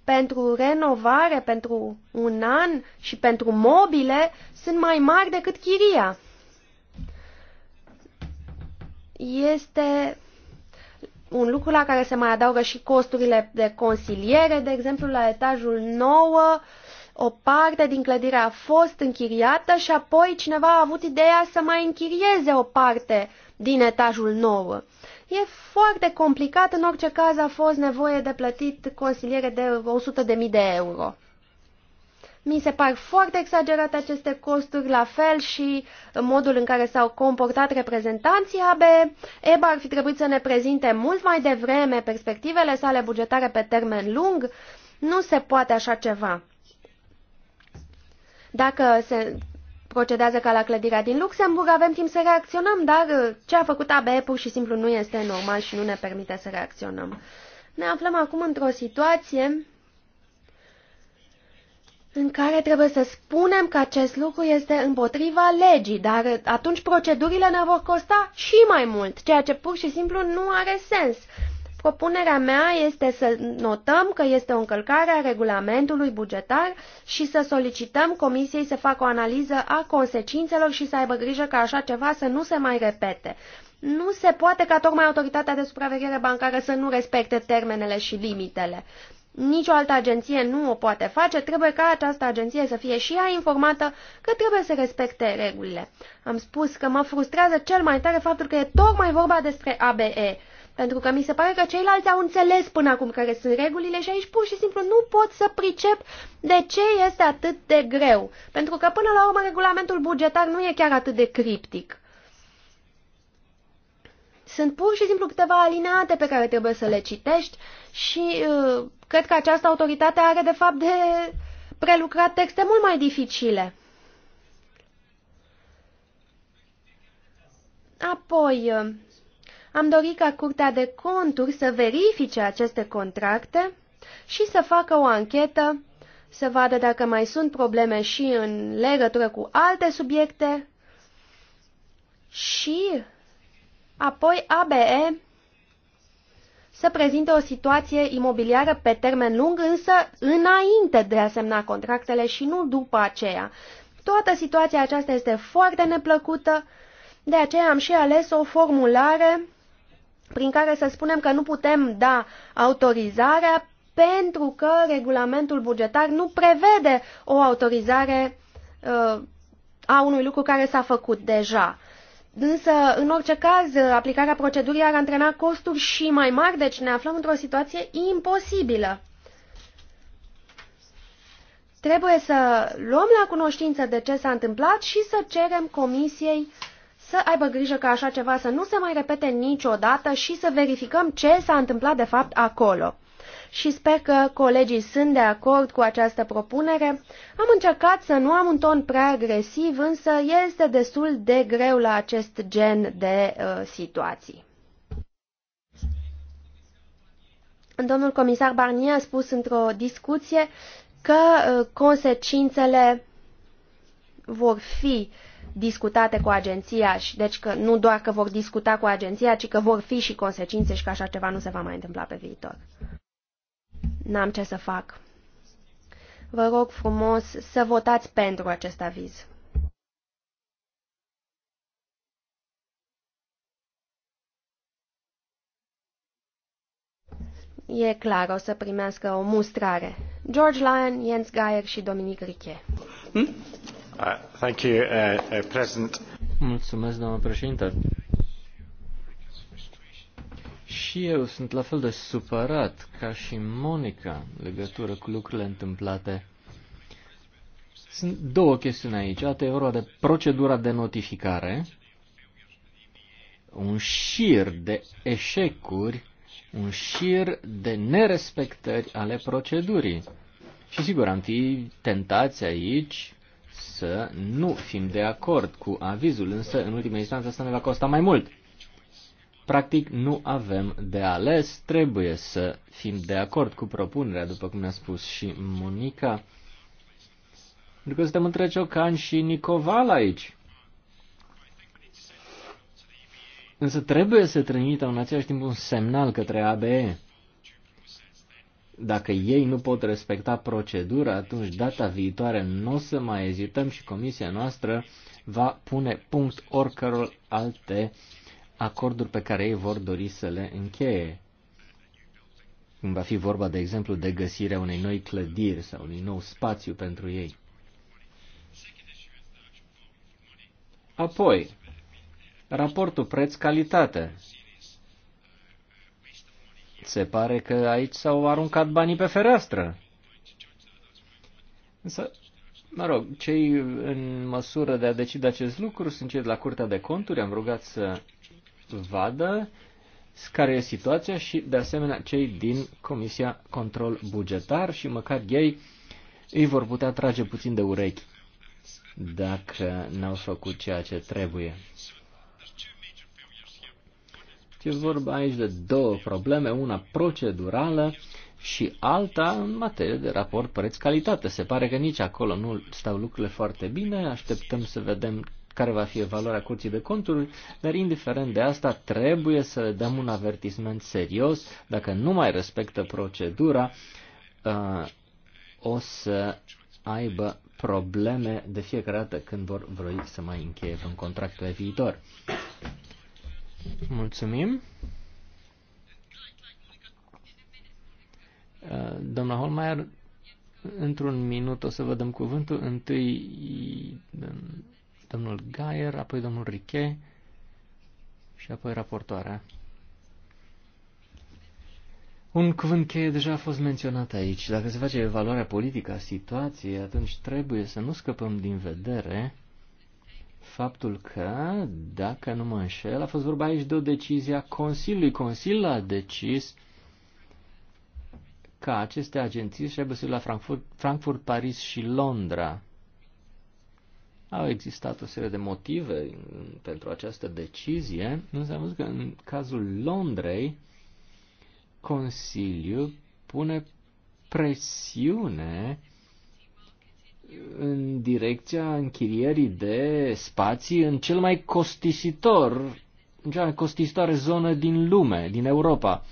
pentru renovare, pentru un an și pentru mobile sunt mai mari decât chiria. Este un lucru la care se mai adaugă și costurile de consiliere, de exemplu la etajul 9, uh, o parte din clădire a fost închiriată și apoi cineva a avut ideea să mai închirieze o parte din etajul nou. E foarte complicat, în orice caz a fost nevoie de plătit consiliere de 100.000 de euro. Mi se par foarte exagerate aceste costuri, la fel și modul în care s-au comportat reprezentanții ABE. EBA ar fi trebuit să ne prezinte mult mai devreme perspectivele sale bugetare pe termen lung. Nu se poate așa ceva. Dacă se procedează ca la clădirea din Luxemburg, avem timp să reacționăm, dar uh, ce a făcut ABE pur și simplu nu este normal și nu ne permite să reacționăm. Ne aflăm acum într-o situație în care trebuie să spunem că acest lucru este împotriva legii, dar uh, atunci procedurile ne vor costa și mai mult, ceea ce pur și simplu nu are sens. Propunerea mea este să notăm că este o încălcare a regulamentului bugetar și să solicităm Comisiei să facă o analiză a consecințelor și să aibă grijă ca așa ceva să nu se mai repete. Nu se poate ca tocmai autoritatea de supraveghere bancară să nu respecte termenele și limitele. Nicio altă agenție nu o poate face, trebuie ca această agenție să fie și ea informată că trebuie să respecte regulile. Am spus că mă frustrează cel mai tare faptul că e tocmai vorba despre ABE. Pentru că mi se pare că ceilalți au înțeles până acum care sunt regulile și aici pur și simplu nu pot să pricep de ce este atât de greu. Pentru că până la urmă regulamentul bugetar nu e chiar atât de criptic. Sunt pur și simplu câteva alineate pe care trebuie să le citești și uh, cred că această autoritate are de fapt de prelucrat texte mult mai dificile. Apoi, uh, am dorit ca Curtea de Conturi să verifice aceste contracte și să facă o anchetă, să vadă dacă mai sunt probleme și în legătură cu alte subiecte și apoi ABE să prezinte o situație imobiliară pe termen lung, însă înainte de a semna contractele și nu după aceea. Toată situația aceasta este foarte neplăcută, de aceea am și ales o formulare prin care să spunem că nu putem da autorizarea pentru că regulamentul bugetar nu prevede o autorizare uh, a unui lucru care s-a făcut deja. Însă, în orice caz, aplicarea procedurii ar antrena costuri și mai mari, deci ne aflăm într-o situație imposibilă. Trebuie să luăm la cunoștință de ce s-a întâmplat și să cerem comisiei uh, să aibă grijă ca așa ceva să nu se mai repete niciodată și să verificăm ce s-a întâmplat de fapt acolo. Și sper că colegii sunt de acord cu această propunere. Am încercat să nu am un ton prea agresiv, însă este destul de greu la acest gen de uh, situații. Domnul comisar Barnier a spus într-o discuție că uh, consecințele vor fi uh, discutate cu agenția și deci că nu doar că vor discuta cu agenția, ci că vor fi și consecințe și că așa ceva nu se va mai întâmpla pe viitor. N-am ce să fac. Vă rog frumos să votați pentru acest aviz. e clar, o să primească o mustrare. George Lyon, Jens Geier și Dominic Riche. Hmm? Uh, uh, uh, Mulțumesc, doamnă președinte. Și eu sunt la fel de supărat ca și Monica în legătură cu lucrurile întâmplate. Sunt două chestiuni aici. Atât e vorba de procedura de notificare, un șir de eșecuri, un șir de nerespectări ale procedurii. Și sigur, am fi tentați aici să nu fim de acord cu avizul, însă în ultima instanță asta ne va costa mai mult. Practic nu avem de ales, trebuie să fim de acord cu propunerea, după cum ne-a spus și Monica. Pentru că suntem între Ciocan și Nicoval aici. Însă trebuie să trimită în același timp un semnal către ABE. Dacă ei nu pot respecta procedura, atunci data viitoare nu o să mai ezităm și comisia noastră va pune punct oricăror alte acorduri pe care ei vor dori să le încheie. Când va fi vorba, de exemplu, de găsirea unei noi clădiri sau unui nou spațiu pentru ei. Apoi, raportul preț-calitate. Se pare că aici s-au aruncat banii pe fereastră. Însă, mă rog, cei în măsură de a decide acest lucru sunt cei de la Curtea de Conturi. Am rugat să vadă care e situația și, de asemenea, cei din Comisia Control Bugetar și măcar ei îi vor putea trage puțin de urechi dacă n-au făcut ceea ce trebuie. E vorba aici de două probleme, una procedurală și alta în materie de raport preț-calitate. Se pare că nici acolo nu stau lucrurile foarte bine, așteptăm să vedem care va fi valoarea curții de conturi, dar indiferent de asta trebuie să le dăm un avertisment serios. Dacă nu mai respectă procedura, uh, o să aibă probleme de fiecare dată când vor vrei să mai încheie un contract pe viitor. Mulțumim. Uh, doamna Holmeier, într-un minut o să vă dăm cuvântul. Întâi domnul Gaier, apoi domnul Riche și apoi raportoarea. Un cuvânt cheie deja a fost menționat aici. Dacă se face evaluarea politică a situației, atunci trebuie să nu scăpăm din vedere faptul că, dacă nu mă înșel, a fost vorba aici de o decizie a Consiliului. Consiliul a decis ca aceste agenții să aibă la Frankfurt, Frankfurt, Paris și Londra. Au existat o serie de motive pentru această decizie, însă am văzut că în cazul Londrei, Consiliul pune presiune în direcția închirierii de spații în cel mai costisitor, în cea mai costisitoare zonă din lume, din Europa.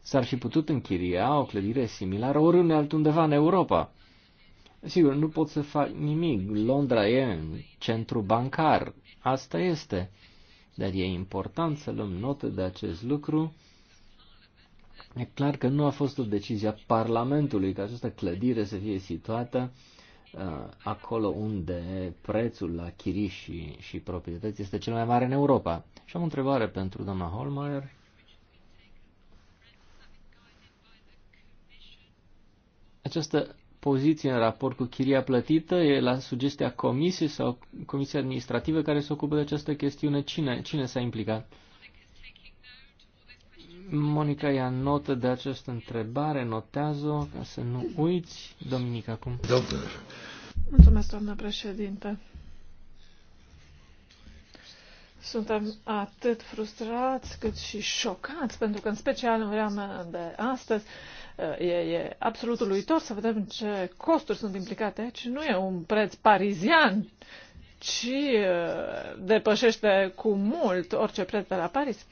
S-ar fi putut închiria o clădire similară oriunde altundeva în Europa. Sigur, nu pot să fac nimic. Londra e în centru bancar. Asta este. Dar e important să luăm notă de acest lucru. E clar că nu a fost o decizie a Parlamentului ca această clădire să fie situată Uh, acolo unde prețul la chirii și, și proprietăți este cel mai mare în Europa. Și am o întrebare pentru doamna Holmeier. Această poziție în raport cu chiria plătită e la sugestia comisiei sau Comisiei administrative care se ocupă de această chestiune. Cine, cine s-a implicat? Monica ia notă de această întrebare, notează-o ca să nu uiți. Dominica acum. Doctor. Mulțumesc, doamnă președinte. Suntem atât frustrați cât și șocați, pentru că în special în vremea de astăzi e, e absolut uluitor să vedem ce costuri sunt implicate aici. Nu e un preț parizian, ci depășește cu mult orice preț de la Paris. Uh,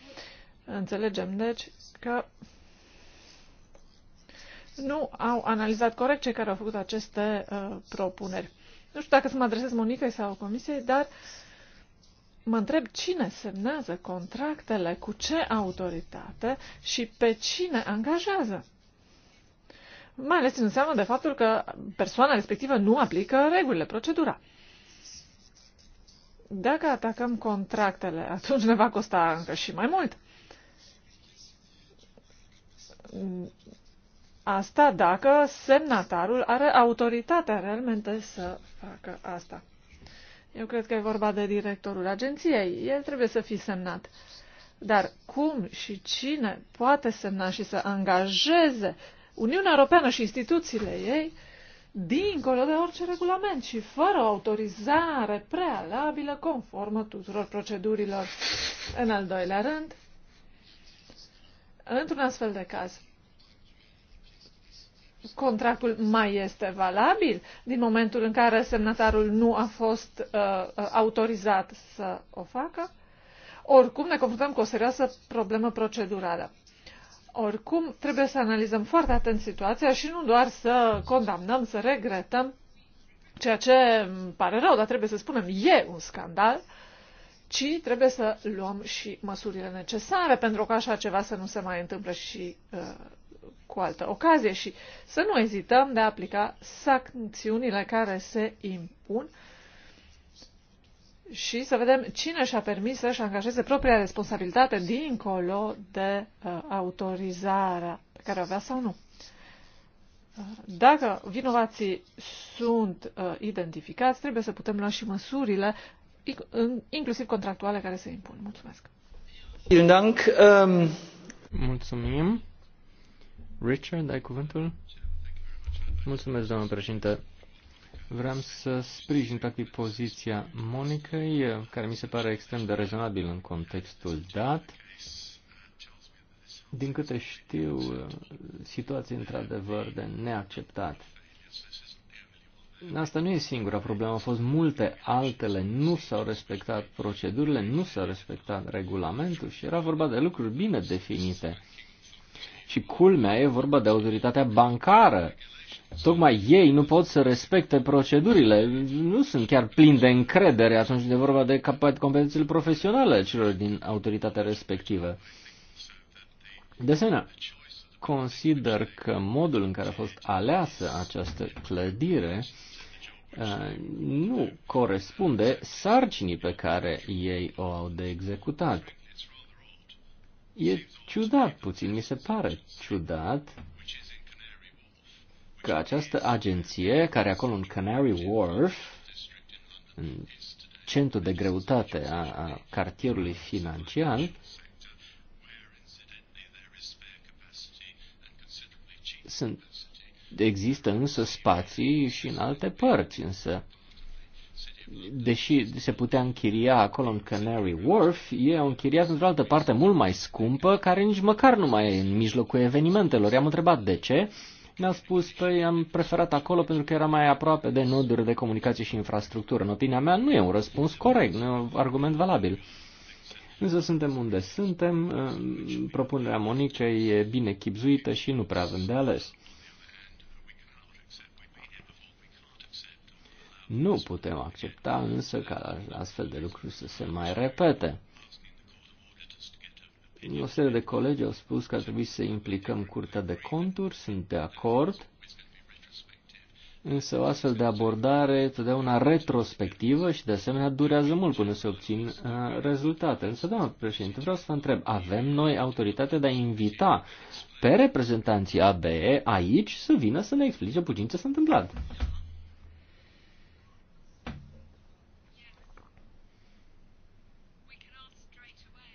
Înțelegem, deci, că nu au analizat corect cei care au făcut aceste uh, propuneri. Nu știu dacă să mă adresez Monicăi sau Comisiei, dar mă întreb cine semnează contractele, cu ce autoritate și pe cine angajează. Mai ales în seamă de faptul că persoana respectivă nu aplică regulile, procedura. Dacă atacăm contractele, atunci ne va costa încă și mai mult. Asta dacă semnatarul are autoritatea realmente să facă asta. Eu cred că e vorba de directorul agenției. El trebuie să fie semnat. Dar cum și cine poate semna și să angajeze Uniunea Europeană și instituțiile ei dincolo de orice regulament și fără o autorizare prealabilă conformă tuturor procedurilor? În al doilea rând, Într-un astfel de caz, contractul mai este valabil din momentul în care semnatarul nu a fost uh, uh, autorizat să o facă. Oricum ne confruntăm cu o serioasă problemă procedurală. Oricum trebuie să analizăm foarte atent situația și nu doar să condamnăm, să regretăm ceea ce pare rău, dar trebuie să spunem, e un scandal uh, ci trebuie să luăm și măsurile necesare pentru ca așa ceva să nu se mai întâmple și uh, cu altă ocazie și să nu ezităm de a aplica sancțiunile care se impun și să vedem cine și-a permis să-și angajeze propria responsabilitate dincolo de uh, autorizarea pe care o avea sau nu. Uh, dacă vinovații sunt uh, identificați, trebuie să putem lua și măsurile inclusiv contractuale, care se impun. Mulțumesc. Ähm, Mulțumim. Richard, ai cuvântul? Mulțumesc, doamnă președinte. Vreau să sprijin, practic, poziția Monicăi, care mi se pare extrem de rezonabil în contextul dat. Din câte știu, situația într-adevăr de neacceptat. Asta nu e singura problemă, au fost multe altele, nu s-au respectat procedurile, nu s au respectat regulamentul și era vorba de lucruri bine definite. Și culmea e vorba de autoritatea bancară. Tocmai ei nu pot să respecte procedurile, nu sunt chiar plini de încredere atunci de vorba de competențele profesionale celor din autoritatea respectivă. De asemenea, consider că modul în care a fost aleasă această clădire Uh, nu corespunde sarcinii pe care ei o au de executat. E ciudat, puțin mi se pare ciudat că această agenție, care acolo în Canary Wharf, în centru de greutate a, a cartierului financiar, sunt există însă spații și în alte părți, însă deși se putea închiria acolo în Canary Wharf, e o închiriat într-o altă parte mult mai scumpă, care nici măcar nu mai e în mijlocul evenimentelor. I-am întrebat de ce. Mi-a spus, că păi am preferat acolo pentru că era mai aproape de noduri de comunicație și infrastructură. În opinia mea nu e un răspuns corect, nu e un argument valabil. Însă suntem unde suntem, uh, propunerea Monicei e bine chipzuită și nu prea avem de ales. Nu putem accepta însă ca astfel de lucruri să se mai repete. O serie de colegi au spus că ar trebui să implicăm curtea de conturi, sunt de acord, însă o astfel de abordare totdeauna retrospectivă și de asemenea durează mult până se obțin uh, rezultate. Însă, doamnă președinte, vreau să vă întreb, avem noi autoritatea de a invita pe reprezentanții ABE aici să vină să ne explice puțin ce s-a întâmplat?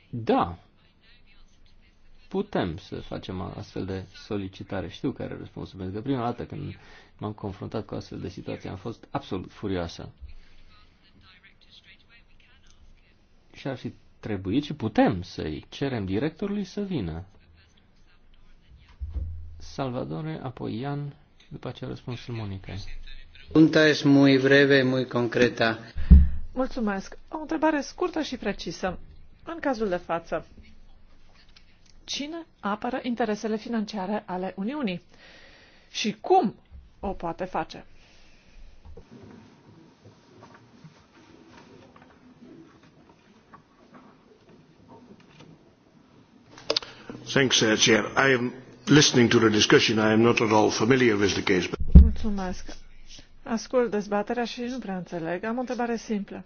Da, putem să facem astfel de solicitare. Știu care e răspunsul, pentru că prima dată când m-am confruntat cu astfel de situație am fost absolut furioasă. Și ar fi trebuit și putem să-i cerem directorului să vină. Salvadore, apoi Ian, după aceea răspunsul Monica. Punta este mult breve, mult concretă. Mulțumesc. O întrebare scurtă și precisă. În cazul de față, cine apără interesele financiare ale Uniunii și cum o poate face? Mulțumesc. Ascult dezbaterea și nu prea înțeleg. Am o întrebare simplă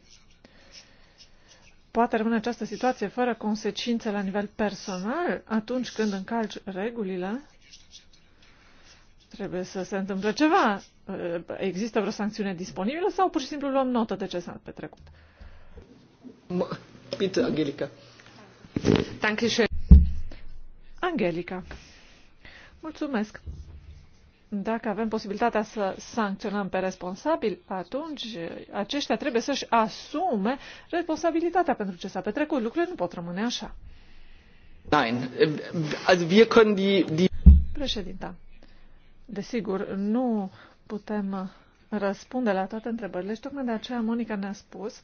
poate rămâne această situație fără consecințe la nivel personal atunci când încalci regulile? Trebuie să se întâmple ceva. Există vreo sancțiune disponibilă sau pur și simplu luăm notă de ce s-a petrecut? Bitte, Angelica. Angelica. Mulțumesc. Dacă avem posibilitatea să sancționăm pe responsabil, atunci aceștia trebuie să-și asume responsabilitatea pentru ce s-a petrecut. Lucrurile nu pot rămâne așa. Nein, also wir können die, die... Președinta, desigur, nu putem răspunde la toate întrebările și tocmai de aceea Monica ne-a spus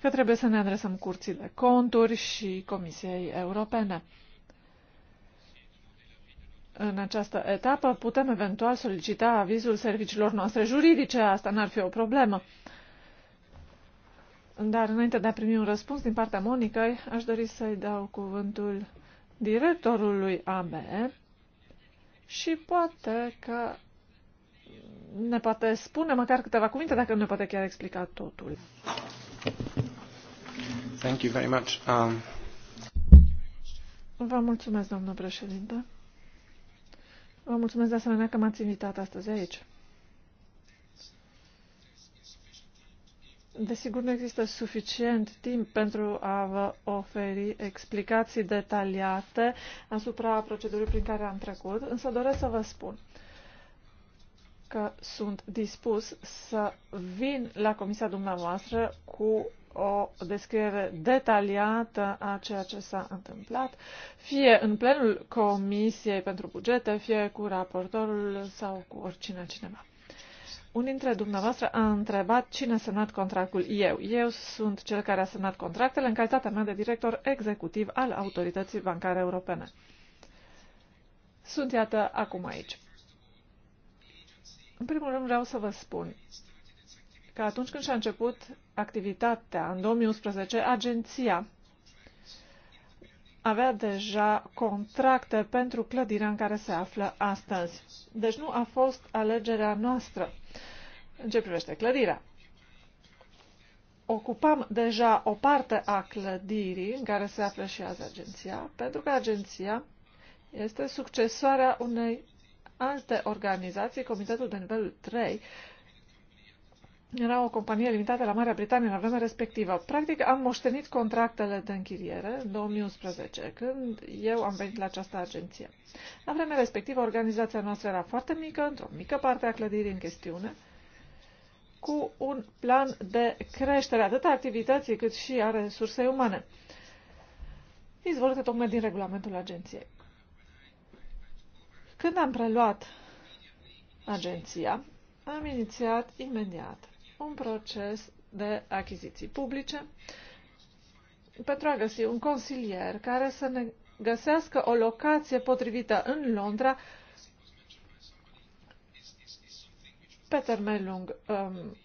că trebuie să ne adresăm curții de conturi și Comisiei Europene în această etapă, putem eventual solicita avizul serviciilor noastre juridice, asta n-ar fi o problemă. Dar înainte de a primi un răspuns din partea Monicăi, aș dori să-i dau cuvântul directorului AME și poate că ne poate spune măcar câteva cuvinte, dacă nu ne poate chiar explica totul. Thank you very much. Um... Vă mulțumesc, doamnă președinte. Vă mulțumesc de asemenea că m-ați invitat astăzi aici. Desigur, nu există suficient timp pentru a vă oferi explicații detaliate asupra procedurii prin care am trecut, însă doresc să vă spun că sunt dispus să vin la comisia dumneavoastră cu o descriere detaliată a ceea ce s-a întâmplat, fie în plenul Comisiei pentru Bugete, fie cu raportorul sau cu oricine cineva. Unul dintre dumneavoastră a întrebat cine a semnat contractul eu. Eu sunt cel care a semnat contractele în calitatea mea de director executiv al Autorității Bancare Europene. Sunt, iată, acum aici. În primul rând vreau să vă spun că atunci când și-a început activitatea, în 2011, agenția avea deja contracte pentru clădirea în care se află astăzi. Deci nu a fost alegerea noastră în ce privește clădirea. Ocupam deja o parte a clădirii în care se află și azi agenția, pentru că agenția este succesoarea unei alte organizații, Comitetul de nivel 3, era o companie limitată la Marea Britanie în vremea respectivă. Practic am moștenit contractele de închiriere în 2011, când eu am venit la această agenție. La vremea respectivă, organizația noastră era foarte mică, într-o mică parte a clădirii în chestiune, cu un plan de creștere atât a activității cât și a resursei umane, izvorâte tocmai din regulamentul agenției. Când am preluat agenția, am inițiat imediat un proces de achiziții publice pentru a găsi un consilier care să ne găsească o locație potrivită în Londra pe termen lung. Um,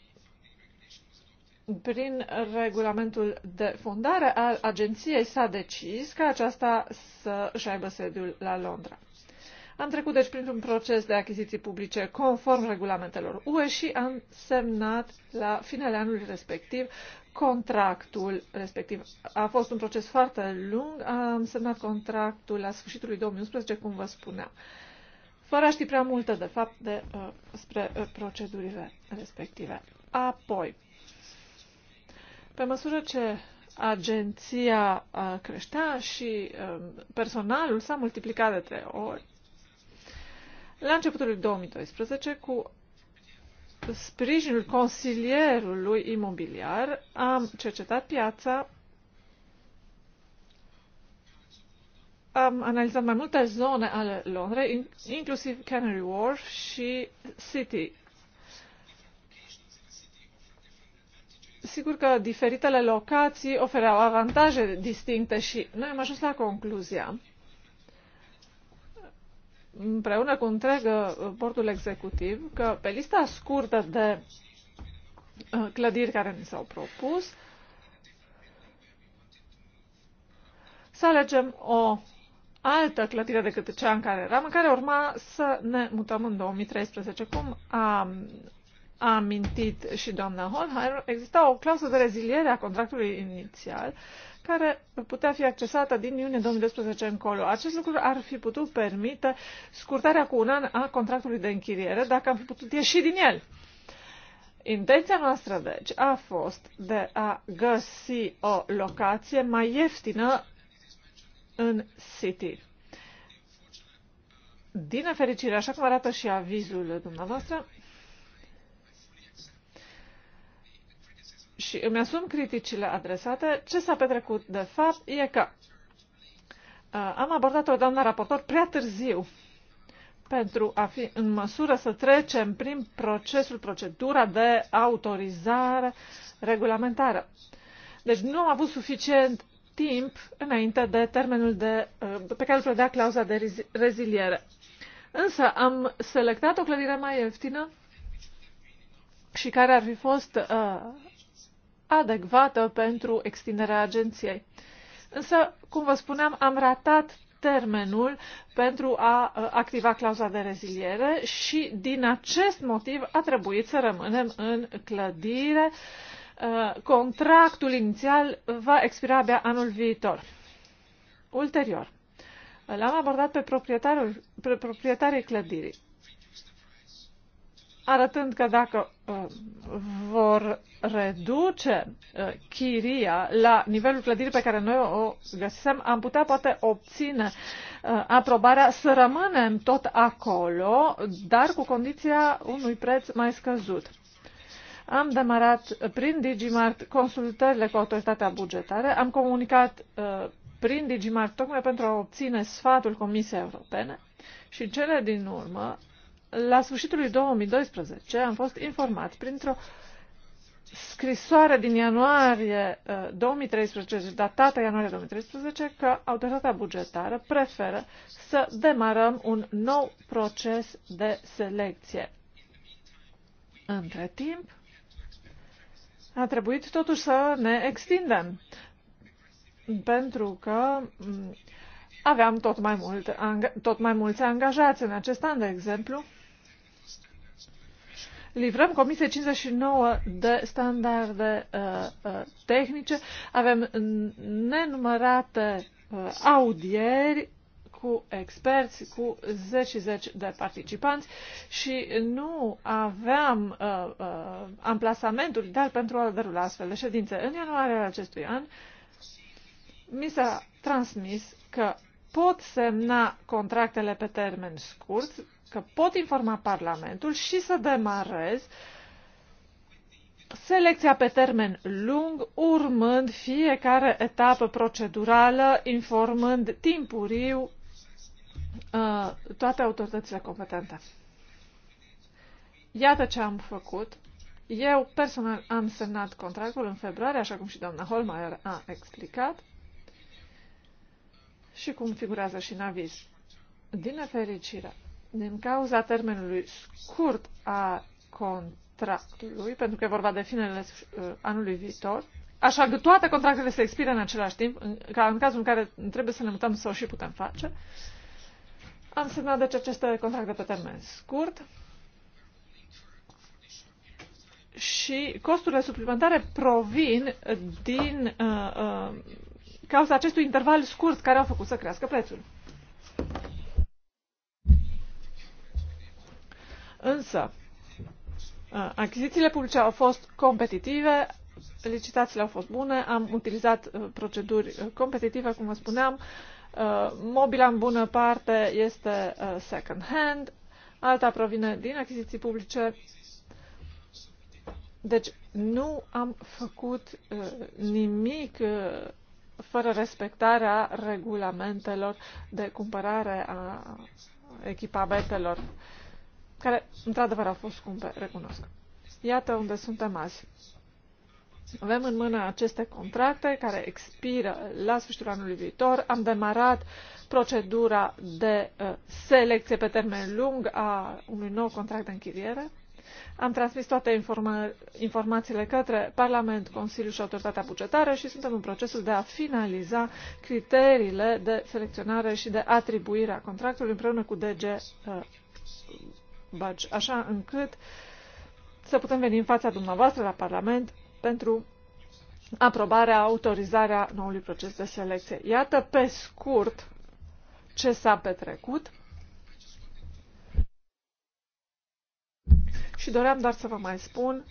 prin regulamentul de fondare al agenției s-a decis ca aceasta să își aibă sediul la Londra. Am trecut deci printr-un proces de achiziții publice conform regulamentelor UE și am semnat la finele anului respectiv contractul respectiv. A fost un proces foarte lung, am semnat contractul la sfârșitul lui 2011, cum vă spuneam fără a ști prea multe, de fapt, de, uh, spre uh, procedurile respective. Apoi, pe măsură ce agenția uh, creștea și uh, personalul s-a multiplicat de trei ori, la începutul lui 2012 cu sprijinul consilierului imobiliar am cercetat piața, am analizat mai multe zone ale Londrei, inclusiv Canary Wharf și City. Sigur că diferitele locații ofereau avantaje distincte și noi am ajuns la concluzia împreună cu întreg uh, portul executiv că pe lista scurtă de uh, clădiri care ni s-au propus să alegem o altă clădire decât cea în care eram, în care urma să ne mutăm în 2013, cum a a amintit și doamna Holheimer, exista o clasă de reziliere a contractului inițial care putea fi accesată din iunie 2012 încolo. Acest lucru ar fi putut permite scurtarea cu un an a contractului de închiriere dacă am fi putut ieși din el. Intenția noastră, deci, a fost de a găsi o locație mai ieftină în City. Din nefericire, așa cum arată și avizul dumneavoastră, și îmi asum criticile adresate, ce s-a petrecut de fapt e că uh, am abordat-o, doamna raportor, prea târziu pentru a fi în măsură să trecem prin procesul, procedura de autorizare regulamentară. Deci nu am avut suficient timp înainte de termenul de, uh, pe care îl prevedea clauza de reziliere. Însă am selectat o clădire mai ieftină și care ar fi fost uh, adecvată pentru extinderea agenției. Însă, cum vă spuneam, am ratat termenul pentru a uh, activa clauza de reziliere și din acest motiv a trebuit să rămânem în clădire. Uh, contractul inițial va expira abia anul viitor. Ulterior, l-am abordat pe, proprietarul, pe proprietarii clădirii arătând că dacă uh, vor reduce uh, chiria la nivelul clădirii pe care noi o găsim, am putea poate obține uh, aprobarea să rămânem tot acolo, dar cu condiția unui preț mai scăzut. Am demarat prin Digimart consultările cu autoritatea bugetare, am comunicat prin Digimart tocmai pentru a obține sfatul Comisiei Europene și cele din urmă la sfârșitul lui 2012 am fost informat printr-o scrisoare din ianuarie 2013, uh, deci datată ianuarie 2013, că autoritatea bugetară preferă să demarăm un nou proces de selecție. Între timp, a trebuit totuși să ne extindem, pentru că mm, aveam tot mai, mult, tot mai mulți angajați în acest an, de exemplu, livrăm comisie 59 de standarde uh, uh, tehnice, avem nenumărate uh, audieri cu experți, cu zeci și zeci de participanți și nu aveam uh, uh, amplasamentul ideal pentru a derula astfel de ședințe. În ianuarie acestui an mi s-a transmis că pot semna contractele pe termen scurt că pot informa Parlamentul și să demarez selecția pe termen lung, urmând fiecare etapă procedurală, informând timpuriu uh, toate autoritățile competente. Iată ce am făcut. Eu personal am semnat contractul în februarie, așa cum și doamna Holmeier a explicat și cum figurează și în aviz. Din nefericire, din cauza termenului scurt a contractului, pentru că e vorba de finele uh, anului viitor, așa că toate contractele se expiră în același timp, ca în cazul în care trebuie să ne mutăm sau și putem face, am semnat deci aceste contracte pe termen scurt și costurile suplimentare provin din uh, uh, cauza acestui interval scurt care au făcut să crească prețul. Însă, achizițiile publice au fost competitive, licitațiile au fost bune, am utilizat proceduri competitive, cum vă spuneam, mobila în bună parte este second hand, alta provine din achiziții publice. Deci nu am făcut nimic fără respectarea regulamentelor de cumpărare a echipamentelor care într-adevăr au fost scumpe, recunosc. Iată unde suntem azi. Avem în mână aceste contracte care expiră la sfârșitul anului viitor. Am demarat procedura de uh, selecție pe termen lung a unui nou contract de închiriere. Am transmis toate informa- informațiile către Parlament, Consiliu și Autoritatea Bugetară și suntem în procesul de a finaliza criteriile de selecționare și de atribuire a contractului împreună cu DG uh, băci, așa încât să putem veni în fața dumneavoastră la Parlament pentru aprobarea, autorizarea noului proces de selecție. Iată pe scurt ce s-a petrecut. Și doream doar să vă mai spun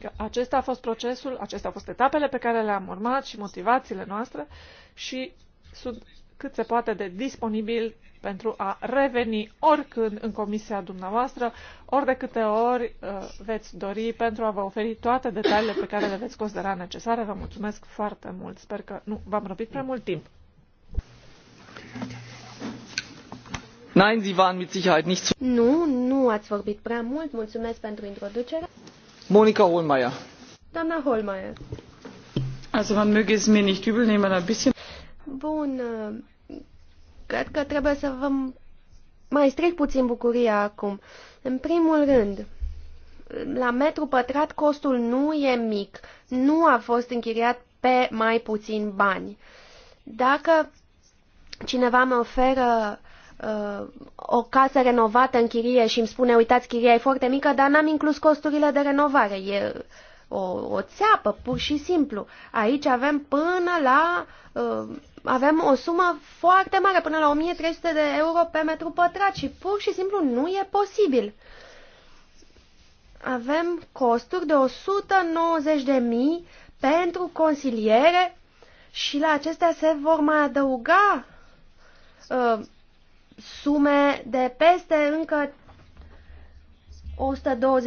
că acesta a fost procesul, acestea au fost etapele pe care le-am urmat și motivațiile noastre și sunt cât se poate de disponibil pentru a reveni oricând în comisia dumneavoastră, ori de câte ori uh, veți dori pentru a vă oferi toate detaliile pe care le veți considera necesare. Vă mulțumesc foarte mult. Sper că nu v-am răpit prea mult timp. Nein, Sie waren mit Sicherheit nicht zu... Nu, nu ați vorbit prea mult. Mulțumesc pentru introducere. Monica Holmeier. Doamna Holmeier. Also man möge es mir nicht übel nehmen, ein bisschen... Bun, Cred că trebuie să vă mai stric puțin bucuria acum. În primul rând, la metru pătrat costul nu e mic. Nu a fost închiriat pe mai puțin bani. Dacă cineva mă oferă uh, o casă renovată în chirie și îmi spune, uitați, chiria e foarte mică, dar n-am inclus costurile de renovare. E o, o țeapă, pur și simplu. Aici avem până la uh, avem o sumă foarte mare, până la 1300 de euro pe metru pătrat și pur și simplu nu e posibil. Avem costuri de 190.000 pentru consiliere și la acestea se vor mai adăuga uh, sume de peste încă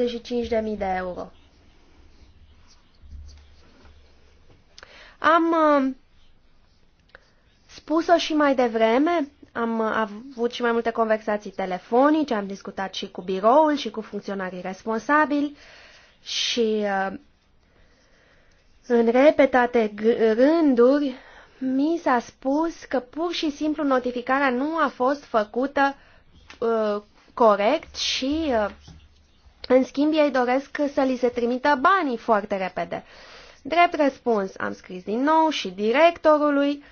125.000 de euro. Am uh, spus-o și mai devreme, am avut și mai multe conversații telefonice, am discutat și cu biroul și cu funcționarii responsabili și uh, în repetate rânduri mi s-a spus că pur și simplu notificarea nu a fost făcută uh, corect și uh, în schimb ei doresc să li se trimită banii foarte repede. Drept răspuns am scris din nou și directorului uh,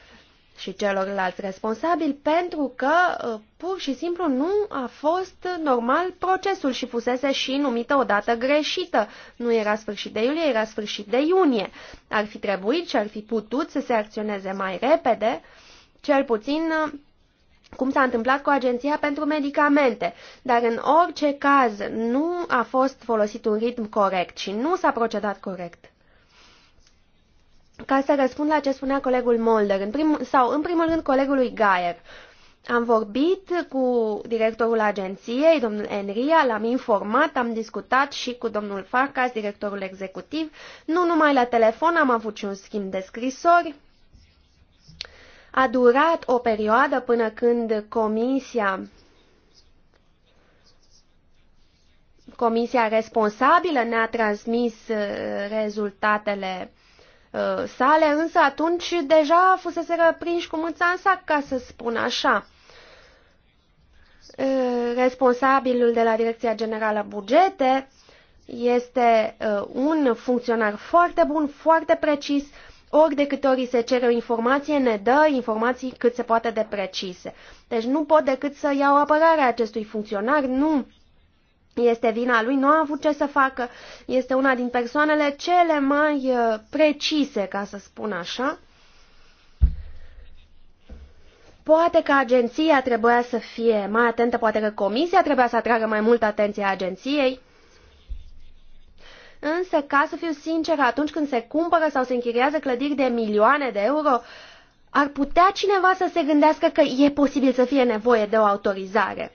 și celorlalți responsabili pentru că uh, pur și simplu nu a fost normal procesul și fusese și numită o dată greșită. Nu era sfârșit de iulie, era sfârșit de iunie. Ar fi trebuit și ar fi putut să se acționeze mai repede, cel puțin uh, cum s-a întâmplat cu Agenția pentru Medicamente, dar în orice caz nu a fost folosit un ritm corect și nu s-a procedat corect ca să răspund la ce spunea colegul Molder, în prim, sau în primul rând colegului Gaier. Am vorbit cu directorul agenției, domnul Enria, l-am informat, am discutat și cu domnul Farcas, directorul executiv. Nu numai la telefon, am avut și un schimb de scrisori. A durat o perioadă până când comisia comisia responsabilă ne-a transmis uh, rezultatele uh, Uh, sale, însă atunci deja fusese prinși cu mâța în sac, ca să spun așa. Uh, responsabilul de la Direcția Generală Bugete este uh, un funcționar foarte bun, foarte precis, ori de câte ori se cere o informație, ne dă informații cât se poate de precise. Deci nu pot decât să iau apărarea acestui funcționar, nu este vina lui, nu a avut ce să facă, este una din persoanele cele mai uh, precise, ca să spun așa. Poate că agenția trebuia să fie mai atentă, poate că comisia trebuia să atragă mai mult atenție agenției. Însă, ca să fiu sincer, atunci când se cumpără sau se închiriază clădiri de milioane de euro, ar putea cineva să se gândească că e posibil să fie nevoie de o autorizare.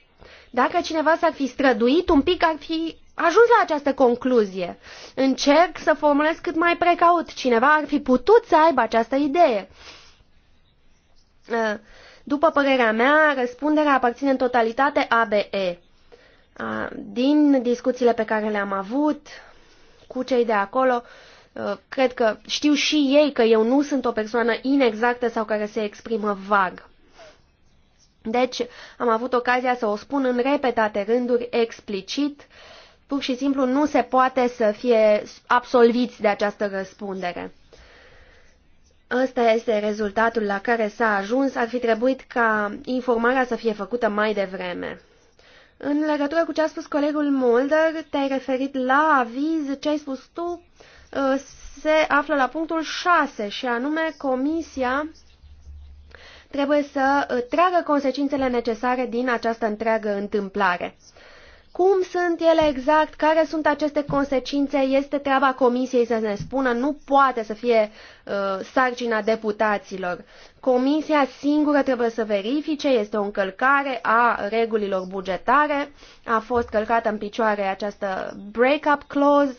Dacă cineva s-ar fi străduit un pic, ar fi ajuns la această concluzie. Încerc să formulez cât mai precaut. Cineva ar fi putut să aibă această idee. Uh, după părerea mea, răspunderea aparține în totalitate ABE. Uh, din discuțiile pe care le-am avut cu cei de acolo, uh, cred că știu și ei că eu nu sunt o persoană inexactă sau care se exprimă vag. Deci am avut ocazia să o spun în repetate rânduri explicit, pur și simplu nu se poate să fie absolviți de această răspundere. Ăsta este rezultatul la care s-a ajuns, ar fi trebuit ca informarea să fie făcută mai devreme. În legătură cu ce a spus colegul Mulder, te-ai referit la aviz, ce ai spus tu, uh, se află la punctul 6 și anume Comisia trebuie să uh, tragă consecințele necesare din această întreagă întâmplare. Cum sunt ele exact, care sunt aceste consecințe, este treaba comisiei să ne spună, nu poate să fie uh, sarcina deputaților. Comisia singură trebuie să verifice, este o încălcare a regulilor bugetare, a fost călcată în picioare această break-up clause,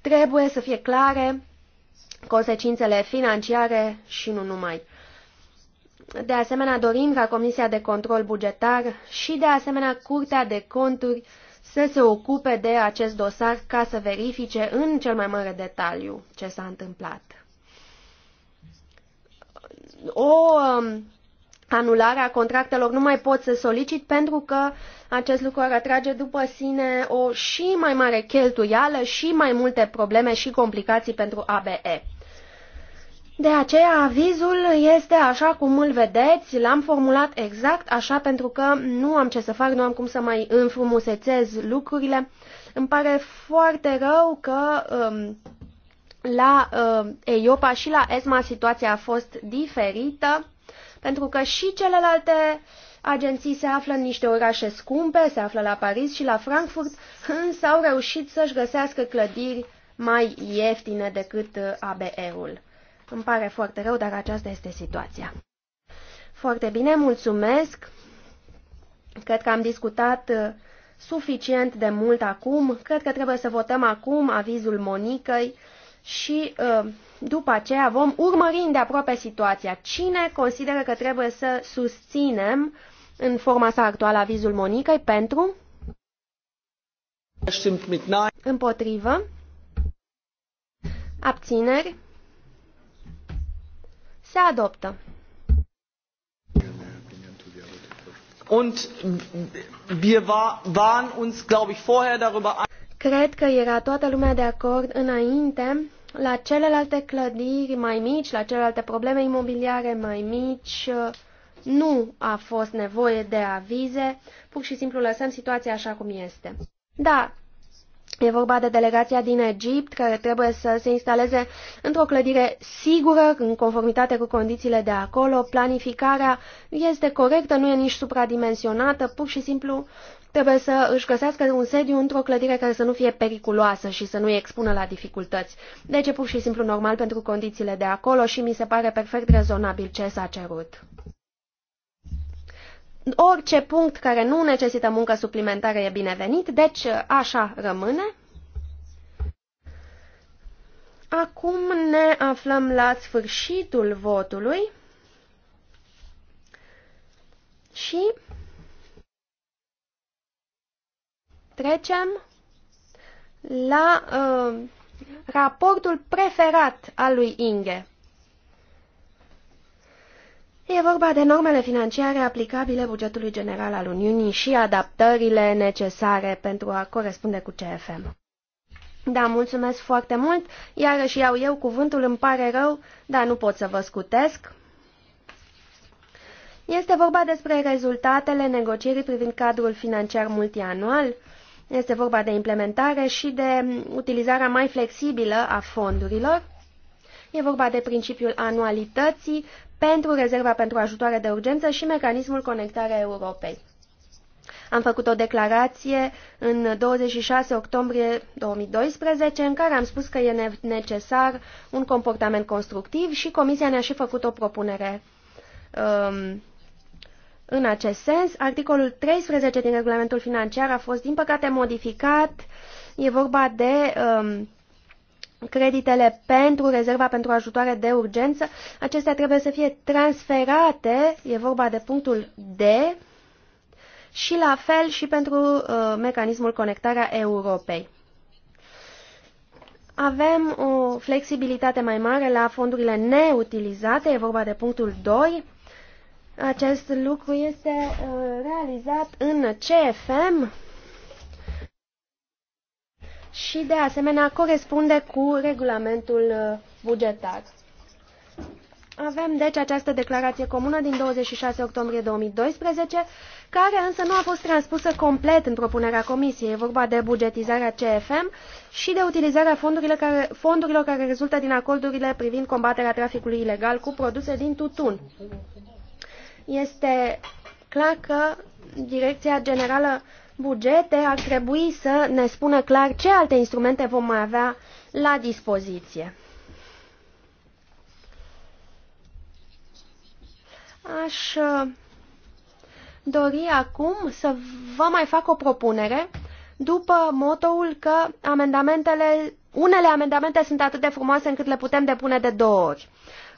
trebuie să fie clare consecințele financiare și nu numai. De asemenea, dorim ca Comisia de Control Bugetar și, de asemenea, Curtea de Conturi să se ocupe de acest dosar ca să verifice în cel mai mare detaliu ce s-a întâmplat. O um, anulare a contractelor nu mai pot să solicit pentru că acest lucru ar atrage după sine o și mai mare cheltuială și mai multe probleme și complicații pentru ABE. De aceea avizul este așa cum îl vedeți, l-am formulat exact așa pentru că nu am ce să fac, nu am cum să mai înfrumusețez lucrurile. Îmi pare foarte rău că um, la um, EIOPA și la ESMA situația a fost diferită, pentru că și celelalte agenții se află în niște orașe scumpe, se află la Paris și la Frankfurt, însă au reușit să-și găsească clădiri mai ieftine decât uh, ABE-ul. Îmi pare foarte rău, dar aceasta este situația. Foarte bine, mulțumesc. Cred că am discutat uh, suficient de mult acum. Cred că trebuie să votăm acum avizul Monicăi și uh, după aceea vom urmări de aproape situația. Cine consideră că trebuie să susținem în forma sa actuală avizul Monicăi pentru? Împotrivă? Abțineri? Se adoptă. Und wir waren uns, glaube ich, vorher darüber Cred că era toată lumea de acord înainte la celelalte clădiri mai mici, la celelalte probleme imobiliare mai mici, nu a fost nevoie de avize, pur și simplu lăsăm situația așa cum este. Da, E vorba de delegația din Egipt care trebuie să se instaleze într-o clădire sigură, în conformitate cu condițiile de acolo. Planificarea este corectă, nu e nici supradimensionată, pur și simplu trebuie să își găsească un sediu într-o clădire care să nu fie periculoasă și să nu îi expună la dificultăți. Deci e pur și simplu normal pentru condițiile de acolo și mi se pare perfect rezonabil ce s-a cerut. Orice punct care nu necesită muncă suplimentară e binevenit, deci uh, așa rămâne. Acum ne aflăm la sfârșitul votului și trecem la uh, raportul preferat al lui Inge. E vorba de normele financiare aplicabile bugetului general al Uniunii și adaptările necesare pentru a corespunde cu CFM. Da, mulțumesc foarte mult. Iarăși iau eu cuvântul, îmi pare rău, dar nu pot să vă scutesc. Este vorba despre rezultatele negocierii privind cadrul financiar multianual. Este vorba de implementare și de utilizarea mai flexibilă a fondurilor. E vorba de principiul anualității pentru rezerva pentru ajutoare de urgență și mecanismul conectarea Europei. Am făcut o declarație în 26 octombrie 2012 în care am spus că e necesar un comportament constructiv și Comisia ne-a și făcut o propunere um, în acest sens. Articolul 13 din regulamentul financiar a fost, din păcate, modificat. E vorba de um, creditele pentru rezerva pentru ajutoare de urgență, acestea trebuie să fie transferate, e vorba de punctul D, și la fel și pentru uh, mecanismul conectarea Europei. Avem o flexibilitate mai mare la fondurile neutilizate, e vorba de punctul 2. Acest lucru este uh, realizat în CFM, și, de asemenea, corespunde cu regulamentul uh, bugetar. Avem, deci, această declarație comună din 26 octombrie 2012, care însă nu a fost transpusă complet în propunerea Comisiei. E vorba de bugetizarea CFM și de utilizarea fondurilor care, fondurilor care rezultă din acordurile privind combaterea traficului ilegal cu produse din tutun. Este clar că Direcția Generală bugete ar trebui să ne spună clar ce alte instrumente vom mai avea la dispoziție. Aș uh, dori acum să vă mai fac o propunere după motoul că amendamentele, unele amendamente sunt atât de frumoase încât le putem depune de două ori.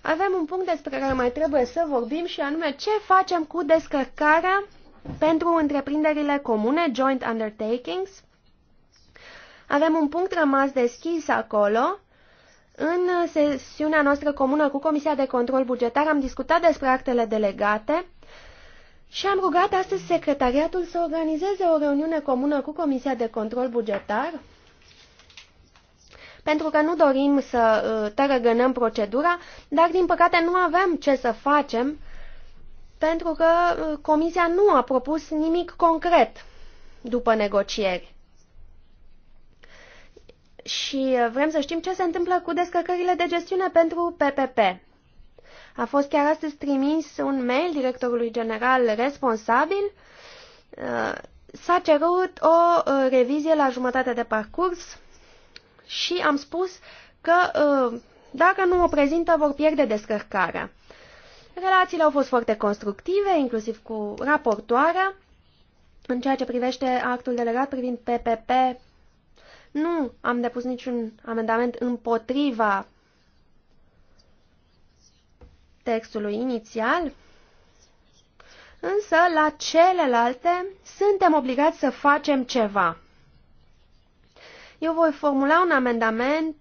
Avem un punct despre care mai trebuie să vorbim și anume ce facem cu descărcarea pentru întreprinderile comune, joint undertakings, avem un punct rămas deschis acolo. În sesiunea noastră comună cu Comisia de Control Bugetar am discutat despre actele delegate și am rugat astăzi secretariatul să organizeze o reuniune comună cu Comisia de Control Bugetar pentru că nu dorim să uh, tărăgănăm procedura, dar din păcate nu avem ce să facem pentru că uh, Comisia nu a propus nimic concret după negocieri. Și uh, vrem să știm ce se întâmplă cu descărcările de gestiune pentru PPP. A fost chiar astăzi trimis un mail directorului general responsabil. Uh, s-a cerut o revizie la jumătate de parcurs și am spus că dacă nu o prezintă vor pierde descărcarea. Relațiile au fost foarte constructive, inclusiv cu raportoarea. În ceea ce privește actul delegat privind PPP, nu am depus niciun amendament împotriva textului inițial, însă la celelalte suntem obligați să facem ceva. Eu voi formula un amendament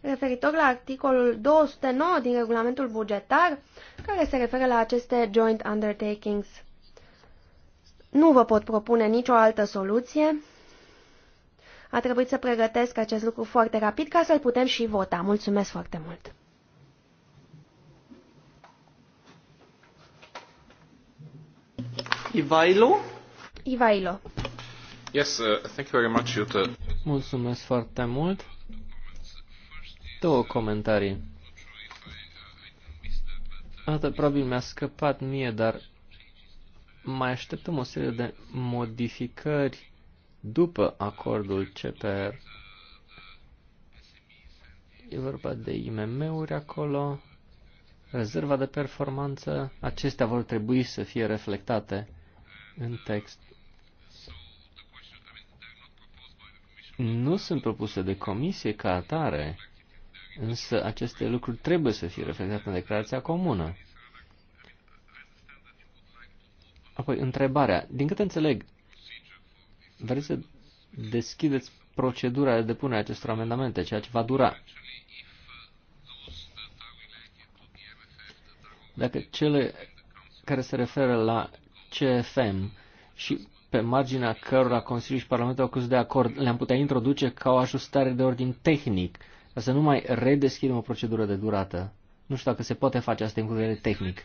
referitor la articolul 209 din regulamentul bugetar, care se referă la aceste joint undertakings. Nu vă pot propune nicio altă soluție. A trebuit să pregătesc acest lucru foarte rapid ca să-l putem și vota. Mulțumesc foarte mult! Ivailo? Ivailo. Yes, uh, thank you very much, Jutta. Mulțumesc foarte mult. Două comentarii. Asta probabil mi-a scăpat mie, dar mai așteptăm o serie de modificări după acordul CPR. E vorba de IMM-uri acolo, rezerva de performanță, acestea vor trebui să fie reflectate în text. Nu sunt propuse de comisie ca atare. Însă aceste lucruri trebuie să fie reflectate în declarația comună. Apoi, întrebarea. Din câte înțeleg, vreți să deschideți procedura de depunere a acestor amendamente, ceea ce va dura. Dacă cele care se referă la CFM și pe marginea cărora Consiliul și Parlamentul au căzut de acord, le-am putea introduce ca o ajustare de ordin tehnic, ca să nu mai redeschidem o procedură de durată. Nu știu dacă se poate face asta în vedere tehnic.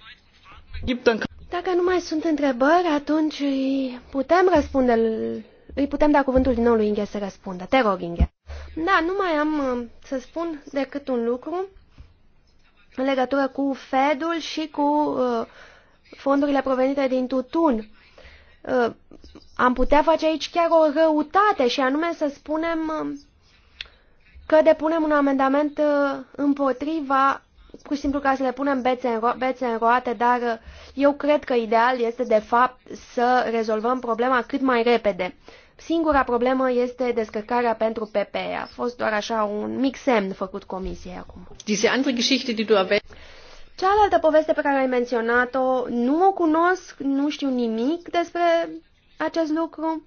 Dacă nu mai sunt întrebări, atunci îi putem răspunde, îi putem da cuvântul din nou lui Inghe să răspundă. Te rog, Inghe. Da, nu mai am uh, să spun decât un lucru în legătură cu Fedul și cu uh, fondurile provenite din tutun. Uh, am putea face aici chiar o răutate și anume să spunem uh, că depunem un amendament uh, împotriva, cu simplu ca să le punem bețe în, ro- bețe în roate, dar uh, eu cred că ideal este de fapt să rezolvăm problema cât mai repede. Singura problemă este descărcarea pentru PPE. A fost doar așa un mic semn făcut comisiei acum. Cealaltă poveste pe care ai menționat-o, nu o cunosc, nu știu nimic despre acest lucru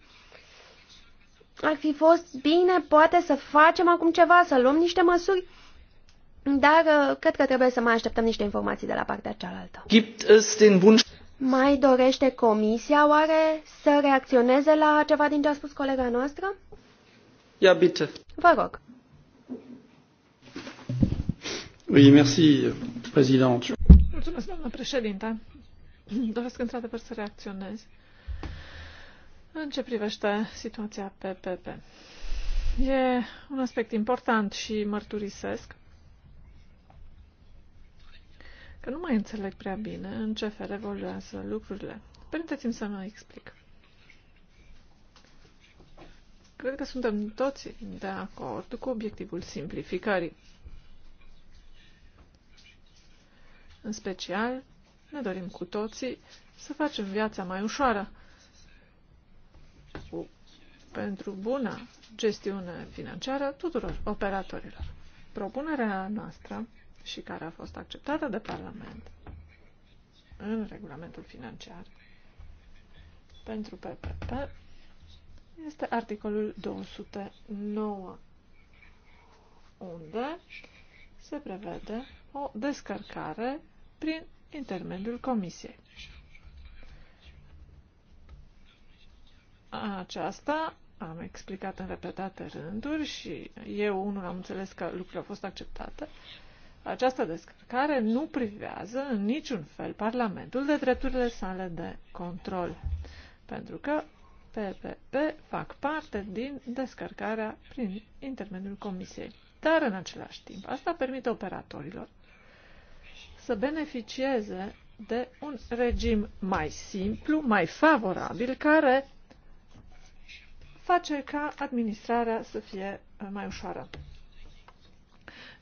ar fi fost bine, poate să facem acum ceva, să luăm niște măsuri, dar uh, cred că trebuie să mai așteptăm niște informații de la partea cealaltă. Gibt es den Wunsch... Mai dorește comisia oare să reacționeze la ceva din ce a spus colega noastră? Ia bitte. Vă rog. Oui, merci, Mulțumesc, doamnă președinte. Doresc într-adevăr să reacționez în ce privește situația PPP? E un aspect important și mărturisesc că nu mai înțeleg prea bine în ce fel evoluează lucrurile. Permiteți-mi să mă explic. Cred că suntem toți de acord cu obiectivul simplificării. În special, ne dorim cu toții să facem viața mai ușoară pentru bună gestiune financiară tuturor operatorilor. Propunerea noastră și care a fost acceptată de Parlament în regulamentul financiar pentru PPP este articolul 209, unde se prevede o descărcare prin intermediul Comisiei. Aceasta am explicat în repetate rânduri și eu unul am înțeles că lucrurile au fost acceptate, această descărcare nu privează în niciun fel Parlamentul de drepturile sale de control, pentru că PPP fac parte din descărcarea prin intermediul Comisiei. Dar, în același timp, asta permite operatorilor să beneficieze de un regim mai simplu, mai favorabil, care face ca administrarea să fie uh, mai ușoară.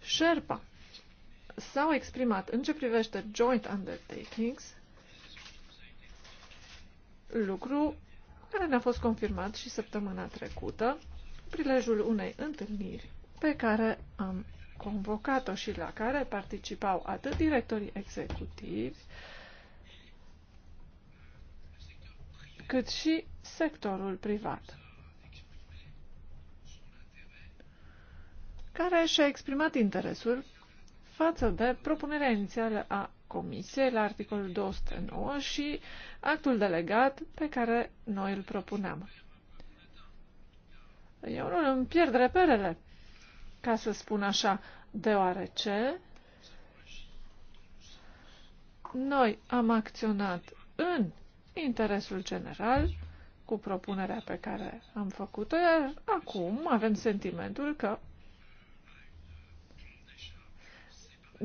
Sherpa s-au exprimat în ce privește joint undertakings, lucru care ne-a fost confirmat și săptămâna trecută, prilejul unei întâlniri pe care am convocat-o și la care participau atât directorii executivi, cât și sectorul privat. care și-a exprimat interesul față de propunerea inițială a Comisiei la articolul 209 și actul delegat pe care noi îl propuneam. Eu nu îmi pierd reperele, ca să spun așa, deoarece noi am acționat în interesul general cu propunerea pe care am făcut-o, iar acum avem sentimentul că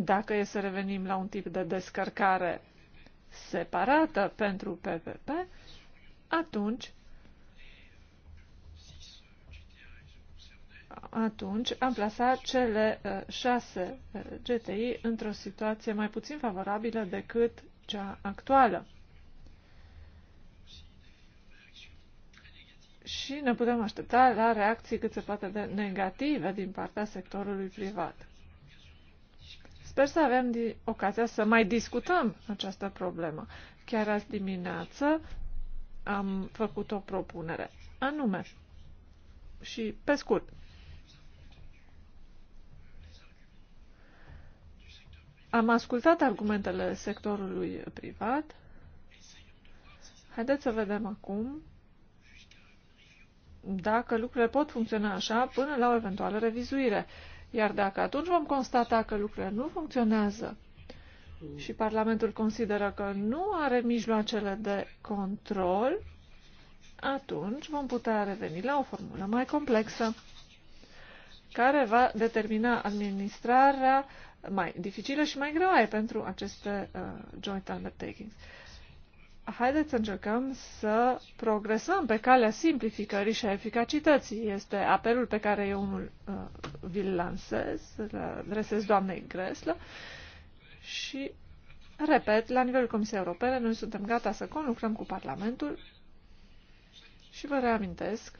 Dacă e să revenim la un tip de descărcare separată pentru PVP, atunci atunci am plasat cele uh, șase uh, GTI într-o situație mai puțin favorabilă decât cea actuală. Și ne putem aștepta la reacții cât se poate de negative din partea sectorului privat. Sper să avem ocazia să mai discutăm această problemă. Chiar azi dimineață am făcut o propunere, anume, și pe scurt, Am ascultat argumentele sectorului privat. Haideți să vedem acum dacă lucrurile pot funcționa așa până la o eventuală revizuire. Iar dacă atunci vom constata că lucrurile nu funcționează și Parlamentul consideră că nu are mijloacele de control, atunci vom putea reveni la o formulă mai complexă care va determina administrarea mai dificilă și mai greoaie pentru aceste uh, joint undertakings haideți să încercăm să progresăm pe calea simplificării și a eficacității. Este apelul pe care eu unul uh, vi-l lansez, îl adresez doamnei Greslă și, repet, la nivelul Comisiei Europene noi suntem gata să conlucrăm cu Parlamentul și vă reamintesc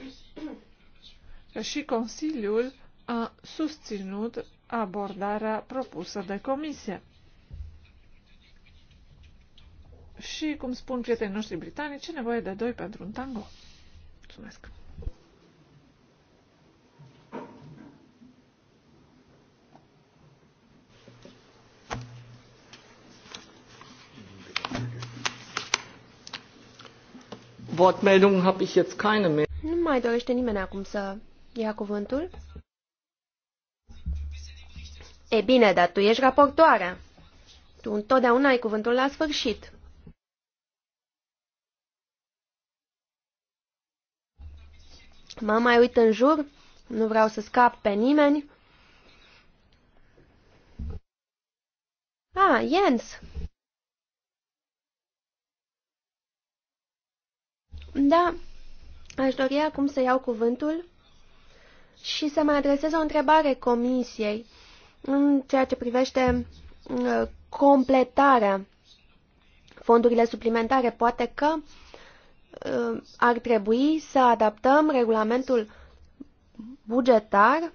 că și Consiliul a susținut abordarea propusă de Comisie și, cum spun prietenii noștri britanici, ce nevoie de doi pentru un tango. Mulțumesc! Wortmeldungen habe ich jetzt keine mehr. Nu mai dorește nimeni acum să ia cuvântul? E bine, dar tu ești raportoarea. Tu întotdeauna ai cuvântul la sfârșit. Mă mai uit în jur, nu vreau să scap pe nimeni. Ah, Jens! Da, aș dori acum să iau cuvântul și să mai adresez o întrebare comisiei în ceea ce privește uh, completarea fondurile suplimentare. Poate că uh, Uh, ar trebui să adaptăm regulamentul bugetar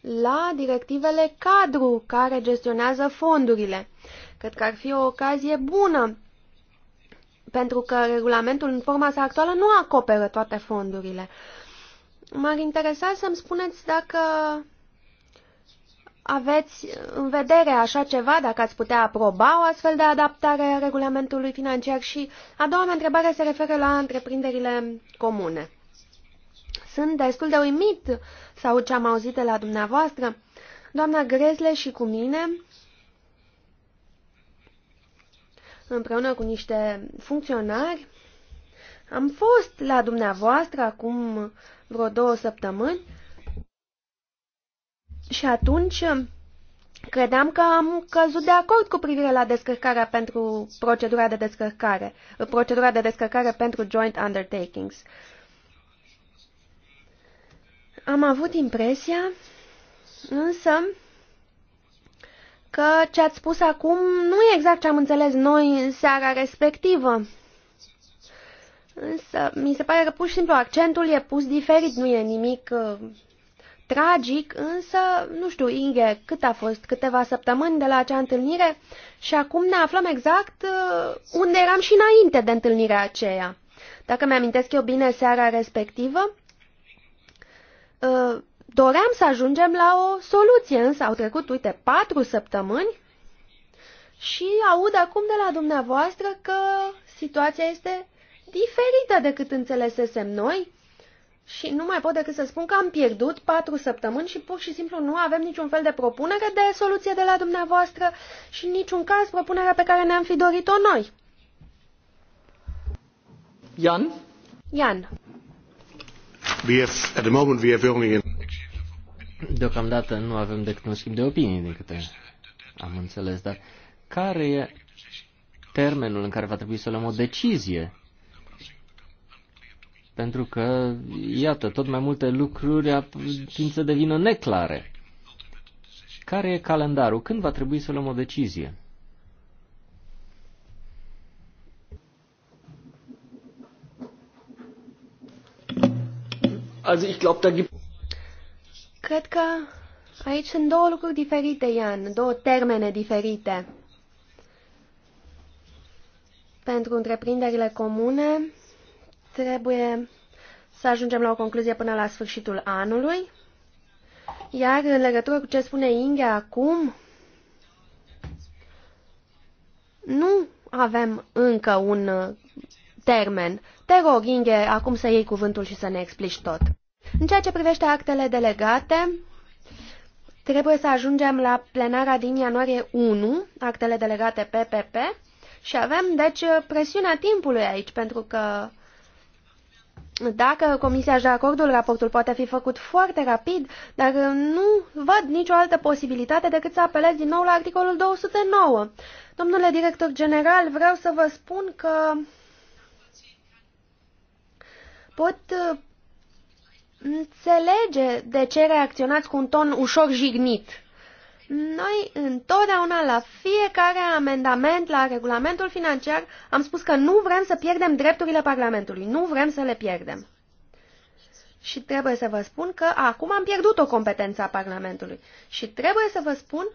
la directivele cadru care gestionează fondurile. Cred că ar fi o ocazie bună, pentru că regulamentul în forma sa actuală nu acoperă toate fondurile. M-ar interesa să-mi spuneți dacă aveți în vedere așa ceva, dacă ați putea aproba o astfel de adaptare a regulamentului financiar și a doua mea întrebare se referă la întreprinderile comune. Sunt destul de uimit sau ce am auzit de la dumneavoastră, doamna Grezle și cu mine, împreună cu niște funcționari, am fost la dumneavoastră acum vreo două săptămâni și atunci credeam că am căzut de acord cu privire la descărcarea pentru procedura de descărcare, procedura de descărcare pentru joint undertakings. Am avut impresia, însă, că ce ați spus acum nu e exact ce am înțeles noi în seara respectivă. Însă, mi se pare că pur și simplu accentul e pus diferit, nu e nimic uh, tragic, însă, nu știu, Inge, cât a fost? Câteva săptămâni de la acea întâlnire? Și acum ne aflăm exact uh, unde eram și înainte de întâlnirea aceea. Dacă mi-amintesc eu bine seara respectivă, uh, doream să ajungem la o soluție, însă au trecut, uite, patru săptămâni și aud acum de la dumneavoastră că situația este diferită decât înțelesesem noi și nu mai pot decât să spun că am pierdut patru săptămâni și pur și simplu nu avem niciun fel de propunere de soluție de la dumneavoastră și niciun caz propunerea pe care ne-am fi dorit-o noi. Jan? Jan. We have, at the moment we have only... Deocamdată nu avem decât un schimb de opinii, din câte am înțeles, dar care e termenul în care va trebui să luăm o decizie pentru că, iată, tot mai multe lucruri tind să devină neclare. Care e calendarul? Când va trebui să luăm o decizie? Da Cred că aici sunt două lucruri diferite, Ian, două termene diferite. Pentru întreprinderile comune, Trebuie să ajungem la o concluzie până la sfârșitul anului. Iar în legătură cu ce spune Inge acum, nu avem încă un uh, termen. Te rog, Inge, acum să iei cuvântul și să ne explici tot. În ceea ce privește actele delegate, trebuie să ajungem la plenara din ianuarie 1, actele delegate PPP, și avem, deci, presiunea timpului aici, pentru că dacă Comisia își dă acordul, raportul poate fi făcut foarte rapid, dar uh, nu văd nicio altă posibilitate decât să apelez din nou la articolul 209. Domnule director general, vreau să vă spun că pot uh, înțelege de ce reacționați cu un ton ușor jignit. Noi întotdeauna la fiecare amendament la regulamentul financiar am spus că nu vrem să pierdem drepturile Parlamentului, nu vrem să le pierdem. Și trebuie să vă spun că acum am pierdut o competență a Parlamentului. Și trebuie să vă spun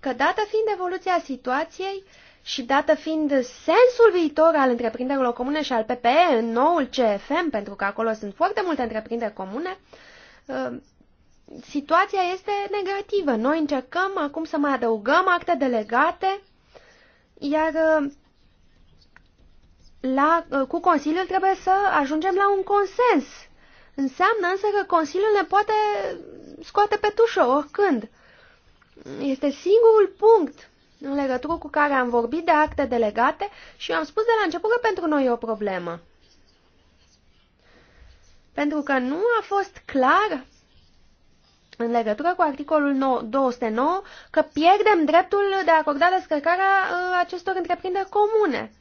că dată fiind evoluția situației și dată fiind sensul viitor al întreprinderilor comune și al PPE în noul CFM, pentru că acolo sunt foarte multe întreprinderi comune, ă, situația este negativă. Noi încercăm acum să mai adăugăm acte delegate, iar la, cu Consiliul trebuie să ajungem la un consens. Înseamnă însă că Consiliul ne poate scoate pe tușă oricând. Este singurul punct în legătură cu care am vorbit de acte delegate și eu am spus de la început că pentru noi e o problemă. Pentru că nu a fost clar în legătură cu articolul 209 că pierdem dreptul de a acorda descărcarea uh, acestor întreprinderi comune.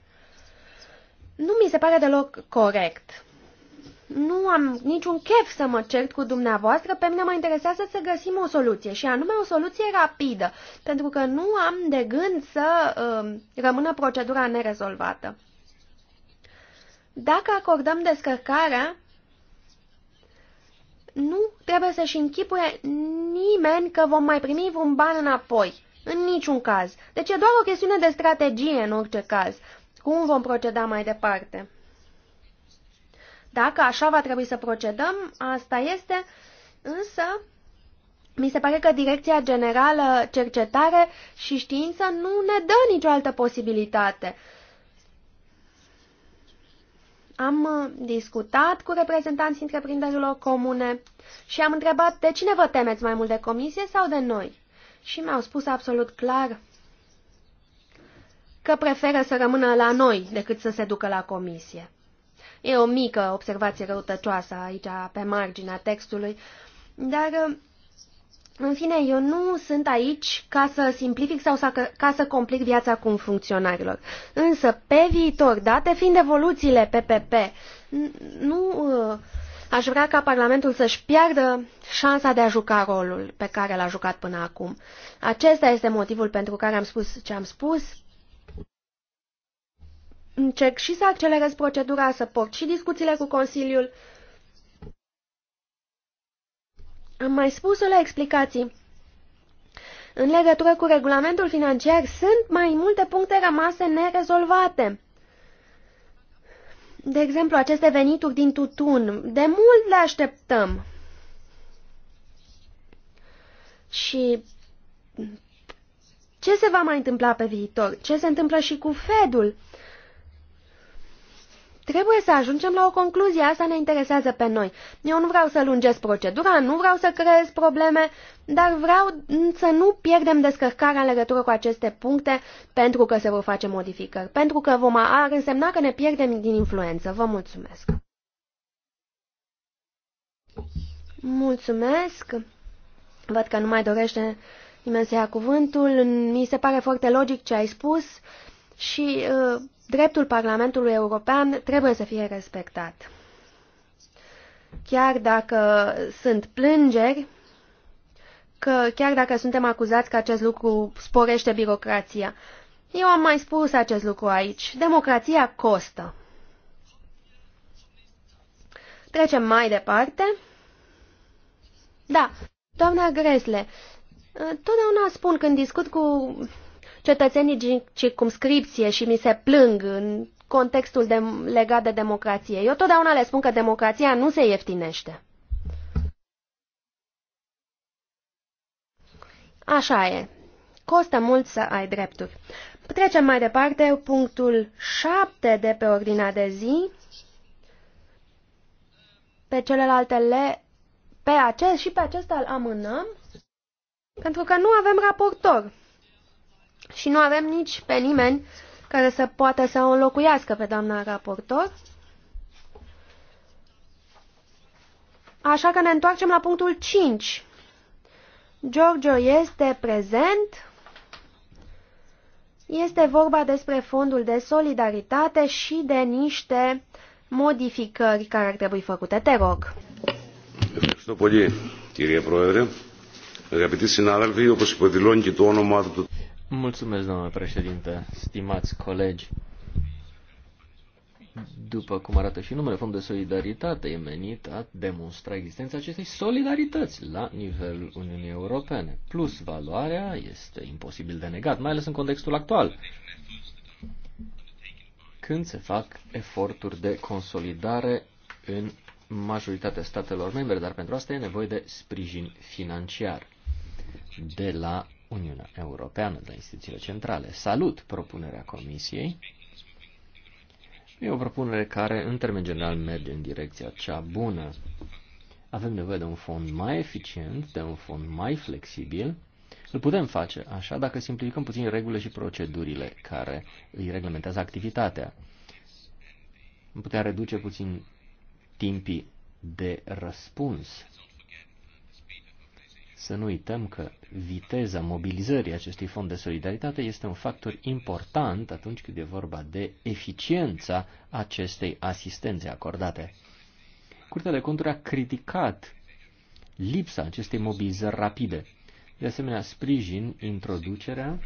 Nu mi se pare deloc corect. Nu am niciun chef să mă cert cu dumneavoastră, pe mine mă interesează să găsim o soluție și anume o soluție rapidă, pentru că nu am de gând să uh, rămână procedura nerezolvată. Dacă acordăm descărcarea, nu trebuie să-și închipuie nimeni că vom mai primi vreun ban înapoi. În niciun caz. Deci e doar o chestiune de strategie în orice caz. Cum vom proceda mai departe? Dacă așa va trebui să procedăm, asta este, însă mi se pare că Direcția Generală Cercetare și Știință nu ne dă nicio altă posibilitate. Am uh, discutat cu reprezentanții întreprinderilor comune și am întrebat de cine vă temeți mai mult de comisie sau de noi. Și mi-au spus absolut clar că preferă să rămână la noi decât să se ducă la comisie. E o mică observație răutăcioasă aici, pe marginea textului, dar uh, în fine, eu nu sunt aici ca să simplific sau să, ca să complic viața cum funcționarilor. Însă, pe viitor, date fiind evoluțiile PPP, nu uh, aș vrea ca Parlamentul să-și piardă șansa de a juca rolul pe care l-a jucat până acum. Acesta este motivul pentru care am spus ce am spus. Încerc și să accelerez procedura, să port și discuțiile cu Consiliul, Am mai spus-o la explicații. În legătură cu regulamentul financiar sunt mai multe puncte rămase nerezolvate. De exemplu, aceste venituri din tutun, de mult le așteptăm. Și ce se va mai întâmpla pe viitor? Ce se întâmplă și cu Fedul? Trebuie să ajungem la o concluzie, asta ne interesează pe noi. Eu nu vreau să lungesc procedura, nu vreau să creez probleme, dar vreau să nu pierdem descărcarea în legătură cu aceste puncte pentru că se vor face modificări, pentru că vom ar însemna că ne pierdem din influență. Vă mulțumesc! Mulțumesc! Văd că nu mai dorește nimeni să ia cuvântul. Mi se pare foarte logic ce ai spus și uh, Dreptul Parlamentului European trebuie să fie respectat. Chiar dacă sunt plângeri, că chiar dacă suntem acuzați că acest lucru sporește birocrația, eu am mai spus acest lucru aici. Democrația costă. Trecem mai departe. Da, doamna Gresle, totdeauna spun când discut cu cetățenii din circumscripție și mi se plâng în contextul de, legat de democrație. Eu totdeauna le spun că democrația nu se ieftinește. Așa e. Costă mult să ai drepturi. Trecem mai departe, punctul 7 de pe ordinea de zi. Pe celelalte le... Pe acest și pe acesta îl amânăm, pentru că nu avem raportor și nu avem nici pe nimeni care să poată să o înlocuiască pe doamna raportor. Așa că ne întoarcem la punctul 5. Giorgio este prezent. Este vorba despre fondul de solidaritate și de niște modificări care ar trebui făcute. Te rog. Ευχαριστώ πολύ, κυρία Πρόεδρε. Αγαπητοί συνάδελφοι, όπως υποδηλώνει και το όνομά του... Mulțumesc, domnule președinte, stimați colegi. După cum arată și numele, Fondul de Solidaritate e menit a demonstra existența acestei solidarități la nivelul Uniunii Europene. Plus, valoarea este imposibil de negat, mai ales în contextul actual, când se fac eforturi de consolidare în majoritatea statelor membre, dar pentru asta e nevoie de sprijin financiar de la Uniunea Europeană, de la instituțiile centrale. Salut propunerea Comisiei. E o propunere care, în termen general, merge în direcția cea bună. Avem nevoie de un fond mai eficient, de un fond mai flexibil. Îl putem face așa dacă simplificăm puțin regulile și procedurile care îi reglementează activitatea. Putem reduce puțin timpii de răspuns să nu uităm că viteza mobilizării acestui fond de solidaritate este un factor important atunci când e vorba de eficiența acestei asistențe acordate. Curtea de conturi a criticat lipsa acestei mobilizări rapide. De asemenea, sprijin introducerea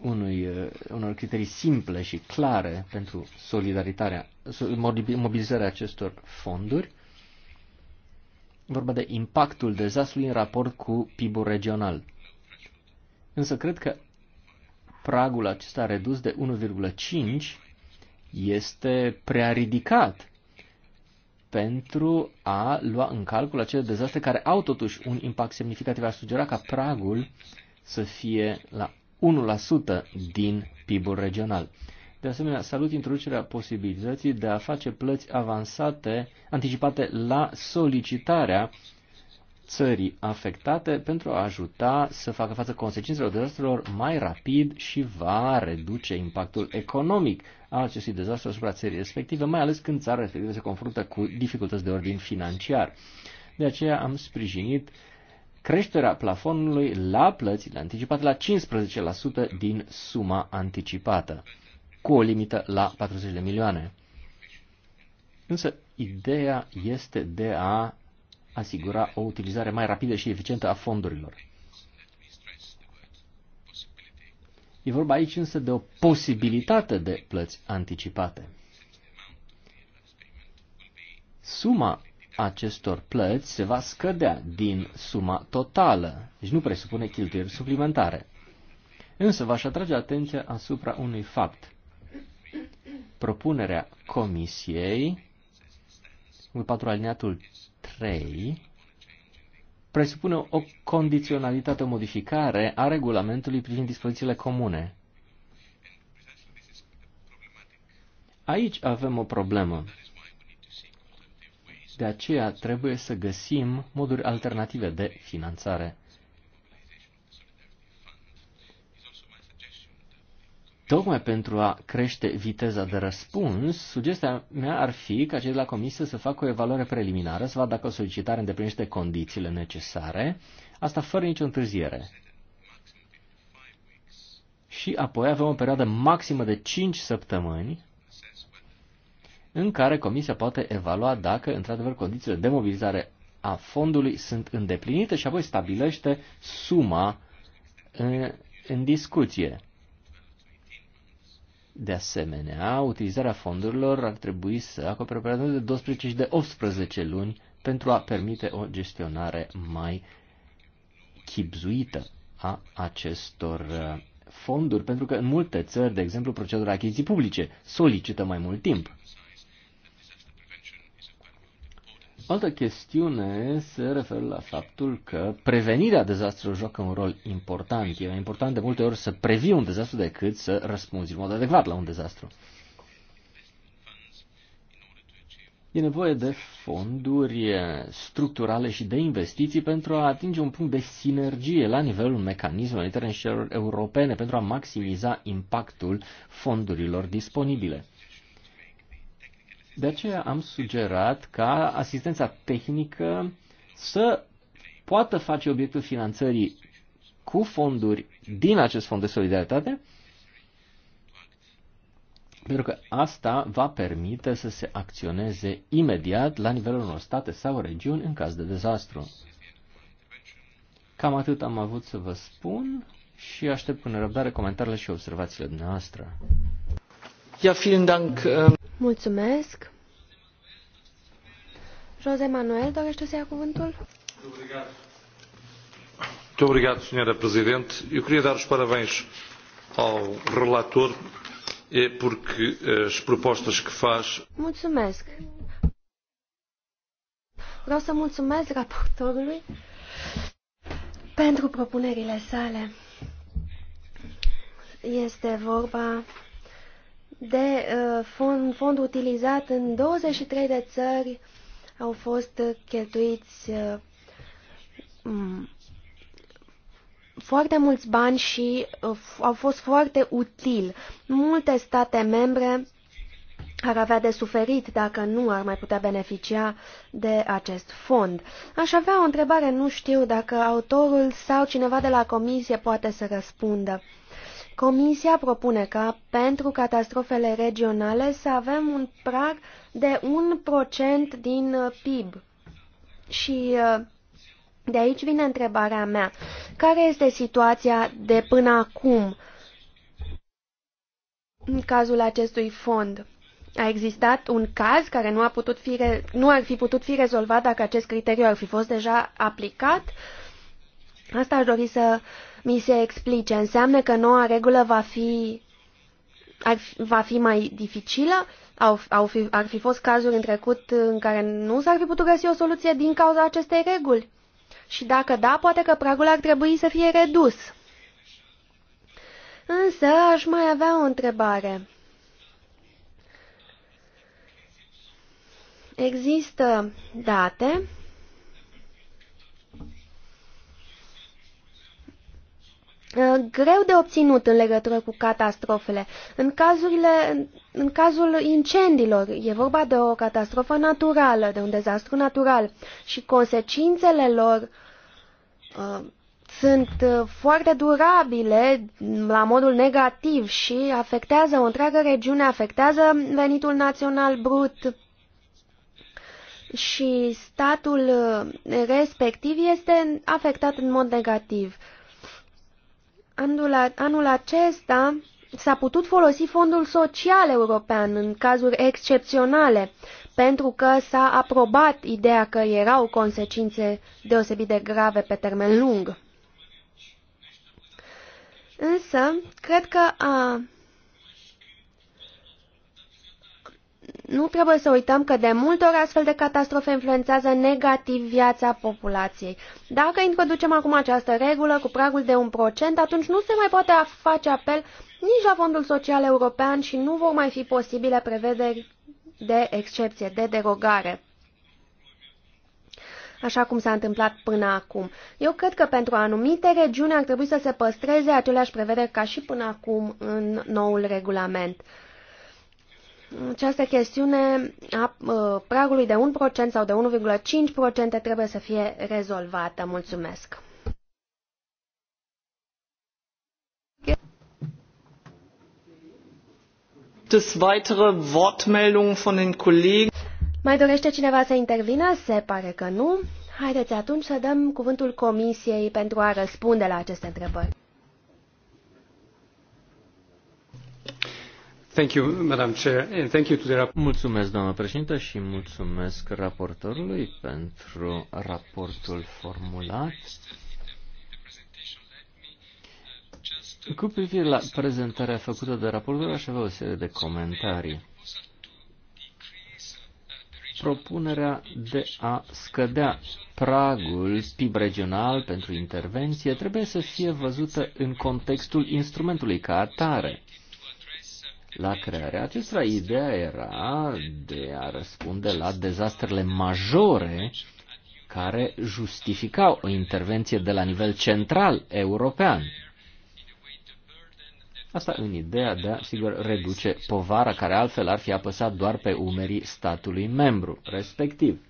unui, uh, unor criterii simple și clare pentru solidaritatea, mobilizarea acestor fonduri vorba de impactul dezastrului în raport cu PIB-ul regional. Însă cred că pragul acesta redus de 1,5 este prea ridicat pentru a lua în calcul acele dezastre care au totuși un impact semnificativ. Aș sugera ca pragul să fie la 1% din PIB-ul regional. De asemenea, salut introducerea posibilității de a face plăți avansate, anticipate la solicitarea țării afectate pentru a ajuta să facă față consecințelor dezastrelor mai rapid și va reduce impactul economic al acestui dezastru asupra țării respective, mai ales când țara respectivă se confruntă cu dificultăți de ordin financiar. De aceea am sprijinit creșterea plafonului la plățile anticipate la 15% din suma anticipată cu o limită la 40 de milioane. Însă, ideea este de a asigura o utilizare mai rapidă și eficientă a fondurilor. E vorba aici însă de o posibilitate de plăți anticipate. Suma acestor plăți se va scădea din suma totală, deci nu presupune cheltuieli suplimentare. Însă v-aș atrage atenția asupra unui fapt propunerea comisiei, în 4 alineatul 3, presupune o condiționalitate, o modificare a regulamentului privind dispozițiile comune. Aici avem o problemă. De aceea trebuie să găsim moduri alternative de finanțare. Tocmai pentru a crește viteza de răspuns, sugestia mea ar fi ca cei de la comisie să facă o evaluare preliminară, să vadă dacă o solicitare îndeplinește condițiile necesare, asta fără nicio întârziere. Și apoi avem o perioadă maximă de 5 săptămâni în care comisia poate evalua dacă, într-adevăr, condițiile de mobilizare a fondului sunt îndeplinite și apoi stabilește suma în, în discuție. De asemenea, utilizarea fondurilor ar trebui să acopere perioada de 12 și de 18 luni pentru a permite o gestionare mai chipzuită a acestor uh, fonduri, pentru că în multe țări, de exemplu, procedura achiziții publice solicită mai mult timp. O altă chestiune se referă la faptul că prevenirea dezastrelor joacă un rol important. E mai important de multe ori să previi un dezastru decât să răspunzi în mod adecvat la un dezastru. E nevoie de fonduri structurale și de investiții pentru a atinge un punct de sinergie la nivelul mecanismelor interne europene pentru a maximiza impactul fondurilor disponibile. De aceea am sugerat ca asistența tehnică să poată face obiectul finanțării cu fonduri din acest fond de solidaritate, pentru că asta va permite să se acționeze imediat la nivelul unor state sau regiuni în caz de dezastru. Cam atât am avut să vă spun și aștept cu nerăbdare comentariile și observațiile dumneavoastră. Ähm, mulțumesc. José Manuel, dorește să ia cuvântul? Muito obrigado, Sra. Presidente. Eu queria dar os parabéns ao relator porque eh, as propostas que faz. Mulțumesc. Vreau să mulțumesc raportorului pentru propunerile sale. Este vorba de uh, fond, fond utilizat în 23 de țări au fost cheltuiți uh, foarte mulți bani și uh, au fost foarte util. Multe state membre ar avea de suferit dacă nu ar mai putea beneficia de acest fond. Aș avea o întrebare, nu știu dacă autorul sau cineva de la comisie poate să răspundă. Comisia propune ca pentru catastrofele regionale să avem un prag de 1% din uh, PIB. Și uh, de aici vine întrebarea mea. Care este situația de până acum în cazul acestui fond? A existat un caz care nu, a putut fi nu ar fi putut fi rezolvat dacă acest criteriu ar fi fost deja aplicat? Asta aș dori să uh, mi se explice. Înseamnă că noua regulă va fi, ar va fi mai dificilă? Au, au fi, ar fi fost cazuri în trecut în care nu s-ar fi putut găsi o soluție din cauza acestei reguli? Și dacă da, poate că pragul ar trebui să fie redus. Însă aș mai avea o întrebare. Există date greu de obținut în legătură cu catastrofele. În, cazurile, în cazul incendiilor e vorba de o catastrofă naturală, de un dezastru natural și consecințele lor uh, sunt foarte durabile la modul negativ și afectează o întreagă regiune, afectează venitul național brut și statul respectiv este afectat în mod negativ. Uh, Anul, acesta s-a putut folosi fondul social european în cazuri excepționale, pentru că s-a aprobat ideea că erau consecințe deosebit de grave pe termen lung. Însă, cred că a nu trebuie să uităm că de multe ori astfel de catastrofe influențează negativ viața populației. Dacă introducem acum această regulă cu pragul de 1%, atunci nu se mai poate face apel nici la Fondul Social European și nu vor mai fi posibile prevederi de excepție, de derogare așa cum s-a întâmplat până acum. Eu cred că pentru anumite regiuni ar trebui să se păstreze aceleași prevederi ca și până acum în noul regulament. Această chestiune a ă, pragului de 1% sau de 1,5% trebuie să fie rezolvată. Mulțumesc! Mai dorește cineva să intervină? Se pare că nu. Haideți atunci să dăm cuvântul Comisiei pentru a răspunde la aceste întrebări. Thank you, Madam Chair, and thank you to the mulțumesc, doamnă președintă, și mulțumesc raportorului pentru raportul formulat. Cu privire la prezentarea făcută de raportor, aș avea o serie de comentarii. Propunerea de a scădea pragul PIB regional pentru intervenție trebuie să fie văzută în contextul instrumentului ca atare la crearea acestora. Ideea era de a răspunde la dezastrele majore care justificau o intervenție de la nivel central european. Asta în ideea de a, sigur, reduce povara care altfel ar fi apăsat doar pe umerii statului membru respectiv.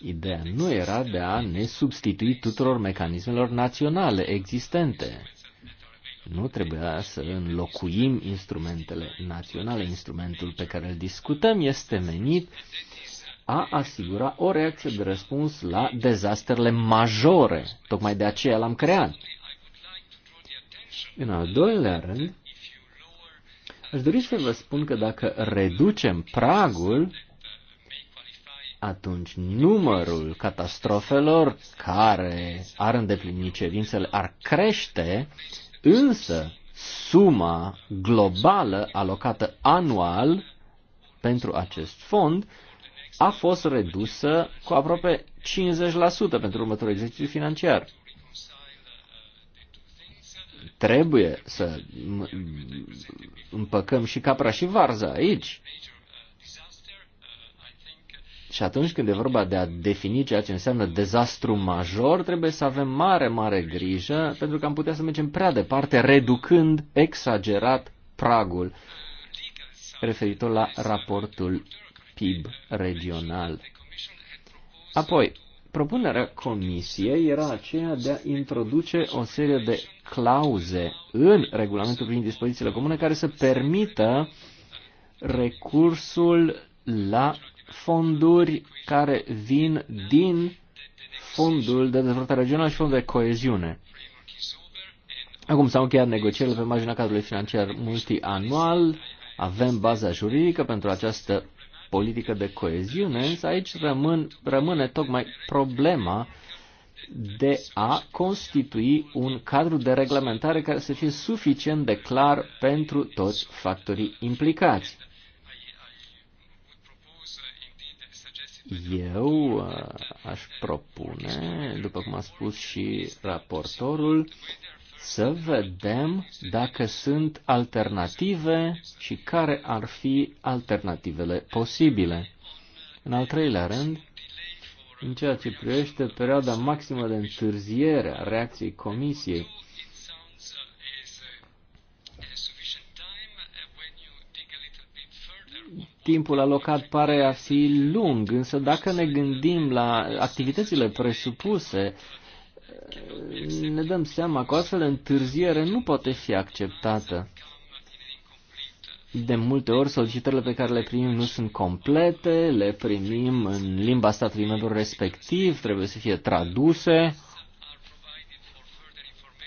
Ideea nu era de a ne substitui tuturor mecanismelor naționale existente. Nu trebuia să înlocuim instrumentele naționale. Instrumentul pe care îl discutăm este menit a asigura o reacție de răspuns la dezastrele majore. Tocmai de aceea l-am creat. În al doilea rând, aș dori să vă spun că dacă reducem pragul, atunci numărul catastrofelor care ar îndeplini cerințele ar crește însă suma globală alocată anual pentru acest fond a fost redusă cu aproape 50% pentru următorul exercițiu financiar. Trebuie să împăcăm și capra și varza aici. Și atunci când e vorba de a defini ceea ce înseamnă dezastru major, trebuie să avem mare, mare grijă, pentru că am putea să mergem prea departe, reducând exagerat pragul referitor la raportul PIB regional. Apoi, propunerea comisiei era aceea de a introduce o serie de clauze în regulamentul prin dispozițiile comune care să permită recursul la fonduri care vin din fondul de dezvoltare regională și fondul de coeziune. Acum s-au încheiat negocierile pe marginea cadrului financiar multianual, avem baza juridică pentru această politică de coeziune, însă aici rămân, rămâne tocmai problema de a constitui un cadru de reglementare care să fie suficient de clar pentru toți factorii implicați. Eu uh, aș propune, după cum a spus și raportorul, să vedem dacă sunt alternative și care ar fi alternativele posibile. În al treilea rând, în ceea ce privește perioada maximă de întârziere a reacției Comisiei, timpul alocat pare a fi lung, însă dacă ne gândim la activitățile presupuse, ne dăm seama că o astfel de întârziere nu poate fi acceptată. De multe ori solicitările pe care le primim nu sunt complete, le primim în limba statului membru respectiv, trebuie să fie traduse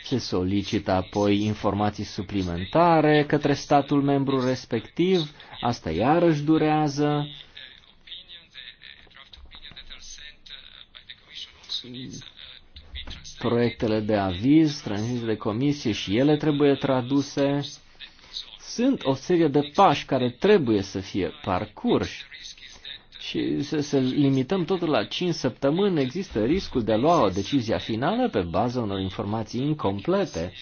se solicită apoi informații suplimentare către statul membru respectiv, asta iarăși durează. Proiectele de aviz, transmise de comisie și ele trebuie traduse. Sunt o serie de pași care trebuie să fie parcurși și să, să limităm totul la 5 săptămâni, există riscul de a lua o decizie finală pe baza unor informații incomplete.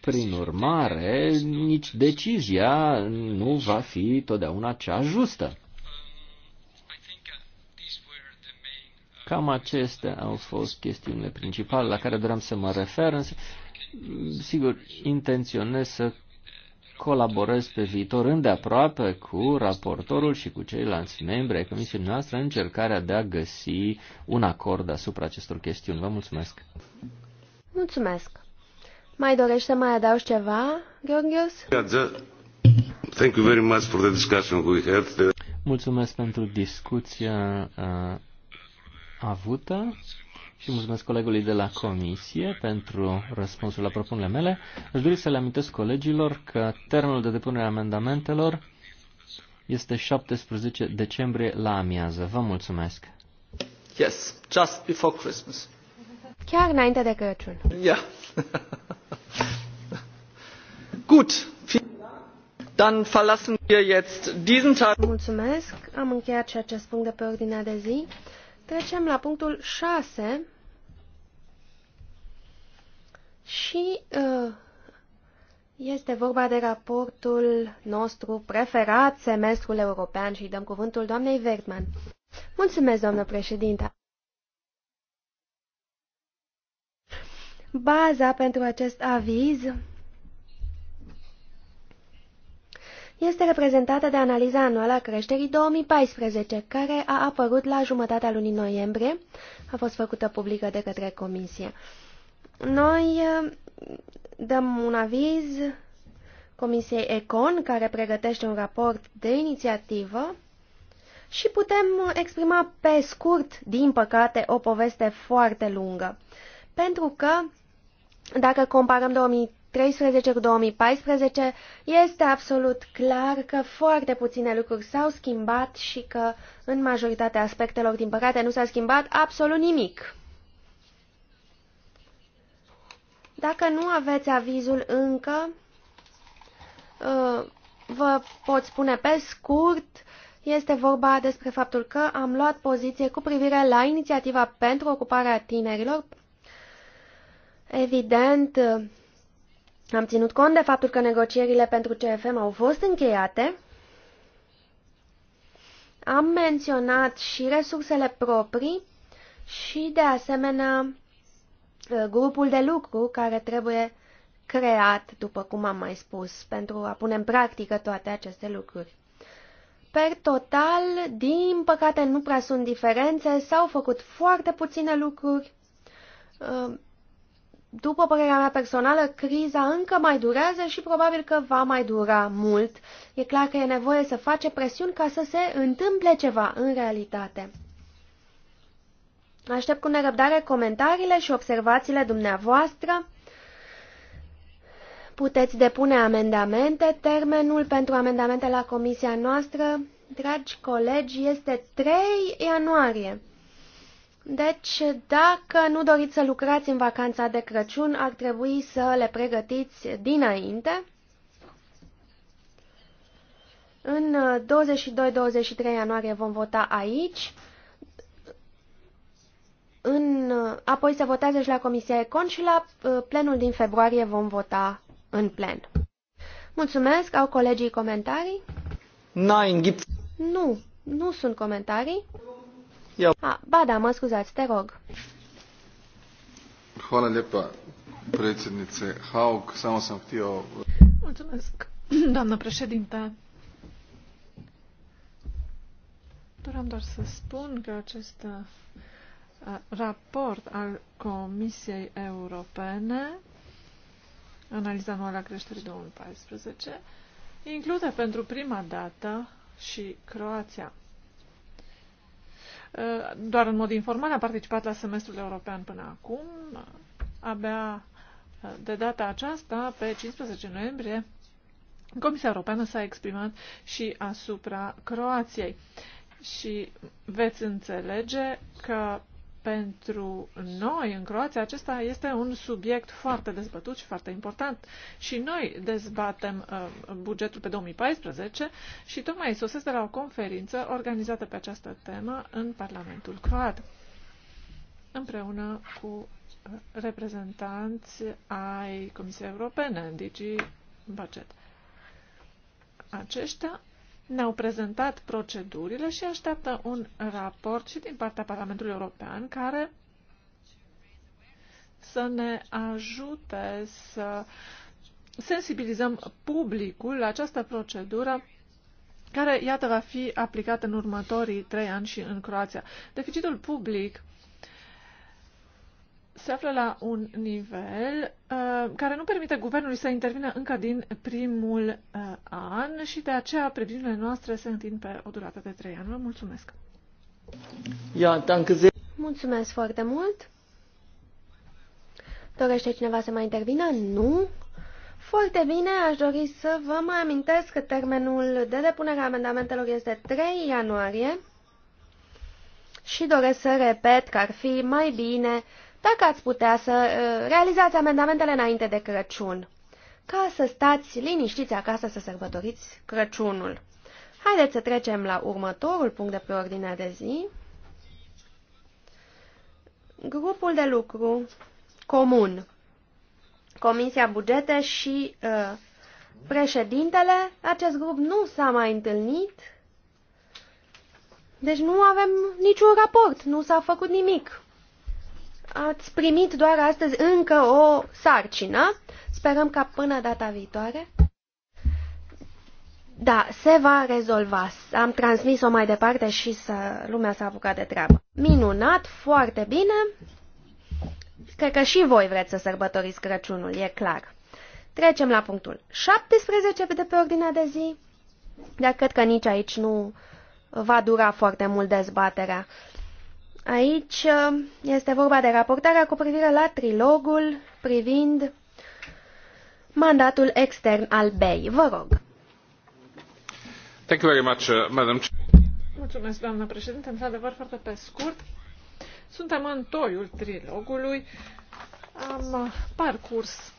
Prin urmare, nici decizia nu va fi totdeauna cea justă. Cam acestea au fost chestiunile principale la care doream să mă refer, însă, sigur, intenționez să colaborez pe viitor îndeaproape cu raportorul și cu ceilalți membri ai comisiei noastre în încercarea de a găsi un acord asupra acestor chestiuni. Vă mulțumesc! Mulțumesc! Mai dorești să mai adaugi ceva, Gheorghios? Thank you very much for the discussion we had. Mulțumesc pentru discuția uh, avută și mulțumesc colegului de la comisie pentru răspunsul la propunerile mele. Aș dori să le amintesc colegilor că termenul de depunere a amendamentelor este 17 decembrie la amiază. Vă mulțumesc. Yes, just before Christmas. Chiar înainte de Crăciun. Yeah. Gut. Dann verlassen wir jetzt diesen Tag. Mulțumesc. Am încheiat și acest punct de pe ordinea de zi. Trecem la punctul 6. Și uh, este vorba de raportul nostru preferat, semestrul european, și dăm cuvântul doamnei Vertman. Mulțumesc, doamnă președinte. Baza pentru acest aviz este reprezentată de analiza anuală a creșterii 2014, care a apărut la jumătatea lunii noiembrie, a fost făcută publică de către Comisie. Noi eh, dăm un aviz Comisiei Econ, care pregătește un raport de inițiativă și putem exprima pe scurt, din păcate, o poveste foarte lungă. Pentru că, dacă comparăm 2013 cu 2014, este absolut clar că foarte puține lucruri s-au schimbat și că, în majoritatea aspectelor, din păcate, nu s-a schimbat absolut nimic. Dacă nu aveți avizul încă, uh, vă pot spune pe scurt, este vorba despre faptul că am luat poziție cu privire la inițiativa pentru ocuparea tinerilor. Evident, uh, am ținut cont de faptul că negocierile pentru CFM au fost încheiate. Am menționat și resursele proprii și, de asemenea, Uh, grupul de lucru care trebuie creat, după cum am mai spus, pentru a pune în practică toate aceste lucruri. Per total, din păcate nu prea sunt diferențe, s-au făcut foarte puține lucruri. Uh, după părerea mea personală, criza încă mai durează și probabil că va mai dura mult. E clar că e nevoie să face presiuni ca să se întâmple ceva în realitate. Aștept cu nerăbdare comentariile și observațiile dumneavoastră. Puteți depune amendamente. Termenul pentru amendamente la comisia noastră, dragi colegi, este 3 ianuarie. Deci, dacă nu doriți să lucrați în vacanța de Crăciun, ar trebui să le pregătiți dinainte. În 22-23 ianuarie vom vota aici în, apoi se votează și la Comisia Econ și la uh, plenul din februarie vom vota în plen. Mulțumesc. Au colegii comentarii? Nu, nu sunt comentarii. Ja. A, ba da, mă scuzați, te rog. Hvala lijepa, predsjednice Haug. Samo sam htio... Mulțumesc, doamnă președinte. Doream doar să spun că acest raport al Comisiei Europene, analiza anuală a creșterii 2014, include pentru prima dată și Croația. Ă, doar în mod informal a participat la semestrul european până acum. Abia ă, de data aceasta, pe 15 noiembrie, Comisia Europeană s-a exprimat și asupra Croației. Și veți înțelege că pentru noi, în Croația, acesta este un subiect foarte dezbătut și foarte important. Și noi dezbatem uh, bugetul pe 2014 și tocmai sosesc de la o conferință organizată pe această temă în Parlamentul Croat, împreună cu uh, reprezentanți ai Comisiei Europene, DG Budget. Aceștia ne-au prezentat procedurile și așteaptă un raport și din partea Parlamentului European care să ne ajute să sensibilizăm publicul la această procedură care, iată, va fi aplicată în următorii trei ani și în Croația. Deficitul public se află la un nivel uh, care nu permite guvernului să intervină încă din primul uh, an și de aceea previziunile noastre se întind pe o durată de trei ani. Vă mulțumesc! Mulțumesc foarte mult! Dorește cineva să mai intervină? Nu? Foarte bine, aș dori să vă mai amintesc că termenul de depunere a amendamentelor este 3 ianuarie și doresc să repet că ar fi mai bine dacă ați putea să uh, realizați amendamentele înainte de Crăciun, ca să stați liniștiți acasă să sărbătoriți Crăciunul. Haideți să trecem la următorul punct de pe ordinea de zi. Grupul de lucru comun. Comisia Bugete și uh, președintele, acest grup nu s-a mai întâlnit, deci nu avem niciun raport, nu s-a făcut nimic. Ați primit doar astăzi încă o sarcină. Sperăm ca până data viitoare. Da, se va rezolva. Am transmis-o mai departe și să, lumea s-a apucat de treabă. Minunat, foarte bine. Cred că și voi vreți să sărbătoriți Crăciunul, e clar. Trecem la punctul 17 de pe ordinea de zi. Dar cred că nici aici nu va dura foarte mult dezbaterea. Aici uh, este vorba de raportarea cu privire la trilogul privind mandatul extern al BEI. Vă rog. Thank you very much, uh, madam. Mulțumesc, doamnă președinte. Într-adevăr, foarte pe scurt, suntem în toiul trilogului. Am uh, parcurs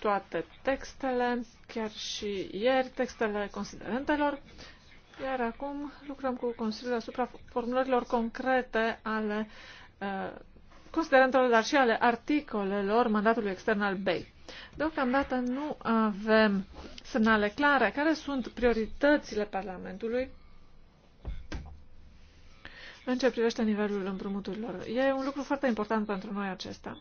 toate textele, chiar și ieri, textele considerentelor. Iar acum lucrăm cu Consiliul asupra formulărilor concrete ale uh, considerentelor, dar și ale articolelor mandatului extern al BEI. Deocamdată nu avem semnale clare care sunt prioritățile Parlamentului în ce privește nivelul împrumuturilor. E un lucru foarte important pentru noi acesta.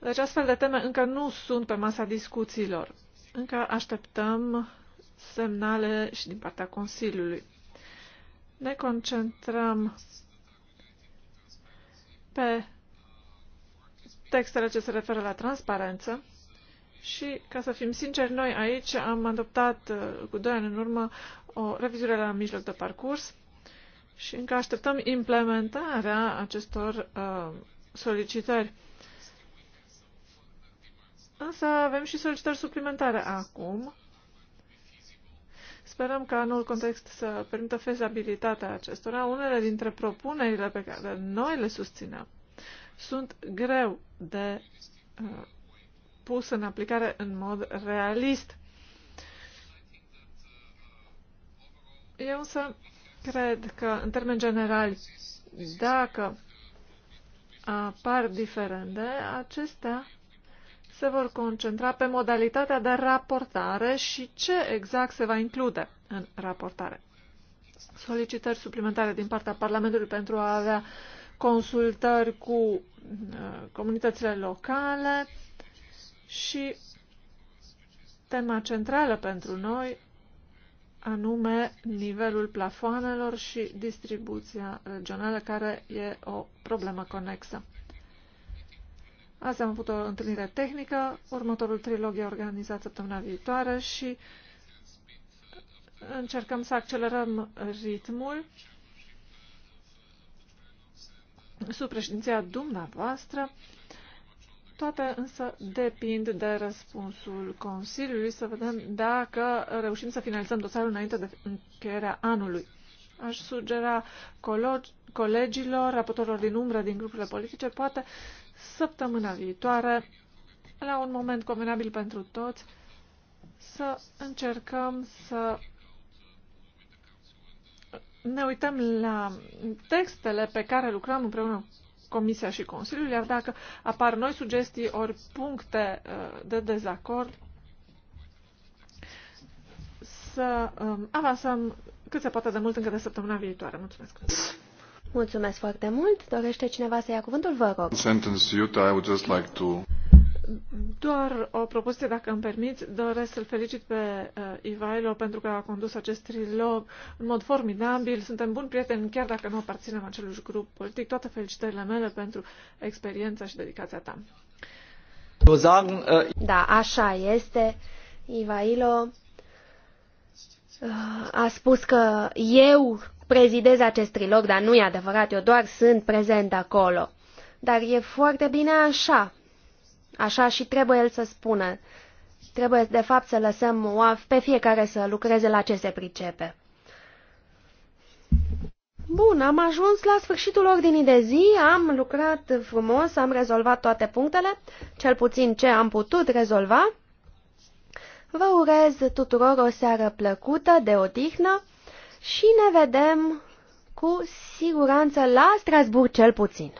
Deci astfel de teme încă nu sunt pe masa discuțiilor. Încă așteptăm semnale și din partea Consiliului. Ne concentrăm pe textele ce se referă la transparență și, ca să fim sinceri, noi aici am adoptat uh, cu doi ani în urmă o revizuire la mijloc de parcurs și încă așteptăm implementarea acestor uh, solicitări. Însă avem și solicitări suplimentare acum Sperăm că noul context să permită fezabilitatea acestora. Unele dintre propunerile pe care noi le susținem sunt greu de uh, pus în aplicare în mod realist. Eu însă cred că, în termeni generali, dacă apar diferende, acestea se vor concentra pe modalitatea de raportare și ce exact se va include în raportare. Solicitări suplimentare din partea Parlamentului pentru a avea consultări cu uh, comunitățile locale și tema centrală pentru noi, anume nivelul plafoanelor și distribuția regională, care e o problemă conexă. Azi am avut o întâlnire tehnică, următorul trilog e organizat săptămâna viitoare și încercăm să accelerăm ritmul sub președinția dumneavoastră. Toate însă depind de răspunsul Consiliului să vedem dacă reușim să finalizăm dosarul înainte de încheierea anului. Aș sugera colegilor, raportorilor din umbră din grupurile politice, poate săptămâna viitoare, la un moment convenabil pentru toți, să încercăm să ne uităm la textele pe care lucrăm împreună Comisia și Consiliul, iar dacă apar noi sugestii ori puncte uh, de dezacord, să um, avansăm cât se poate de mult încă de săptămâna viitoare. Mulțumesc! Mulțumesc foarte mult. Dorește cineva să ia cuvântul? Vă rog. Sentence, Utah, I would just like to... Doar o propoziție, dacă îmi permiți. Doresc să-l felicit pe uh, Ivailo pentru că a condus acest trilog în mod formidabil. Suntem buni prieteni, chiar dacă nu aparținem acelui grup politic. Toate felicitările mele pentru experiența și dedicația ta. Uh, da, așa este. Ivailo uh, a spus că eu prezidez acest trilog, dar nu e adevărat, eu doar sunt prezent acolo. Dar e foarte bine așa. Așa și trebuie el să spună. Trebuie, de fapt, să lăsăm OAF pe fiecare să lucreze la ce se pricepe. Bun, am ajuns la sfârșitul ordinii de zi, am lucrat frumos, am rezolvat toate punctele, cel puțin ce am putut rezolva. Vă urez tuturor o seară plăcută, de odihnă și ne vedem cu siguranță la Strasburg cel puțin.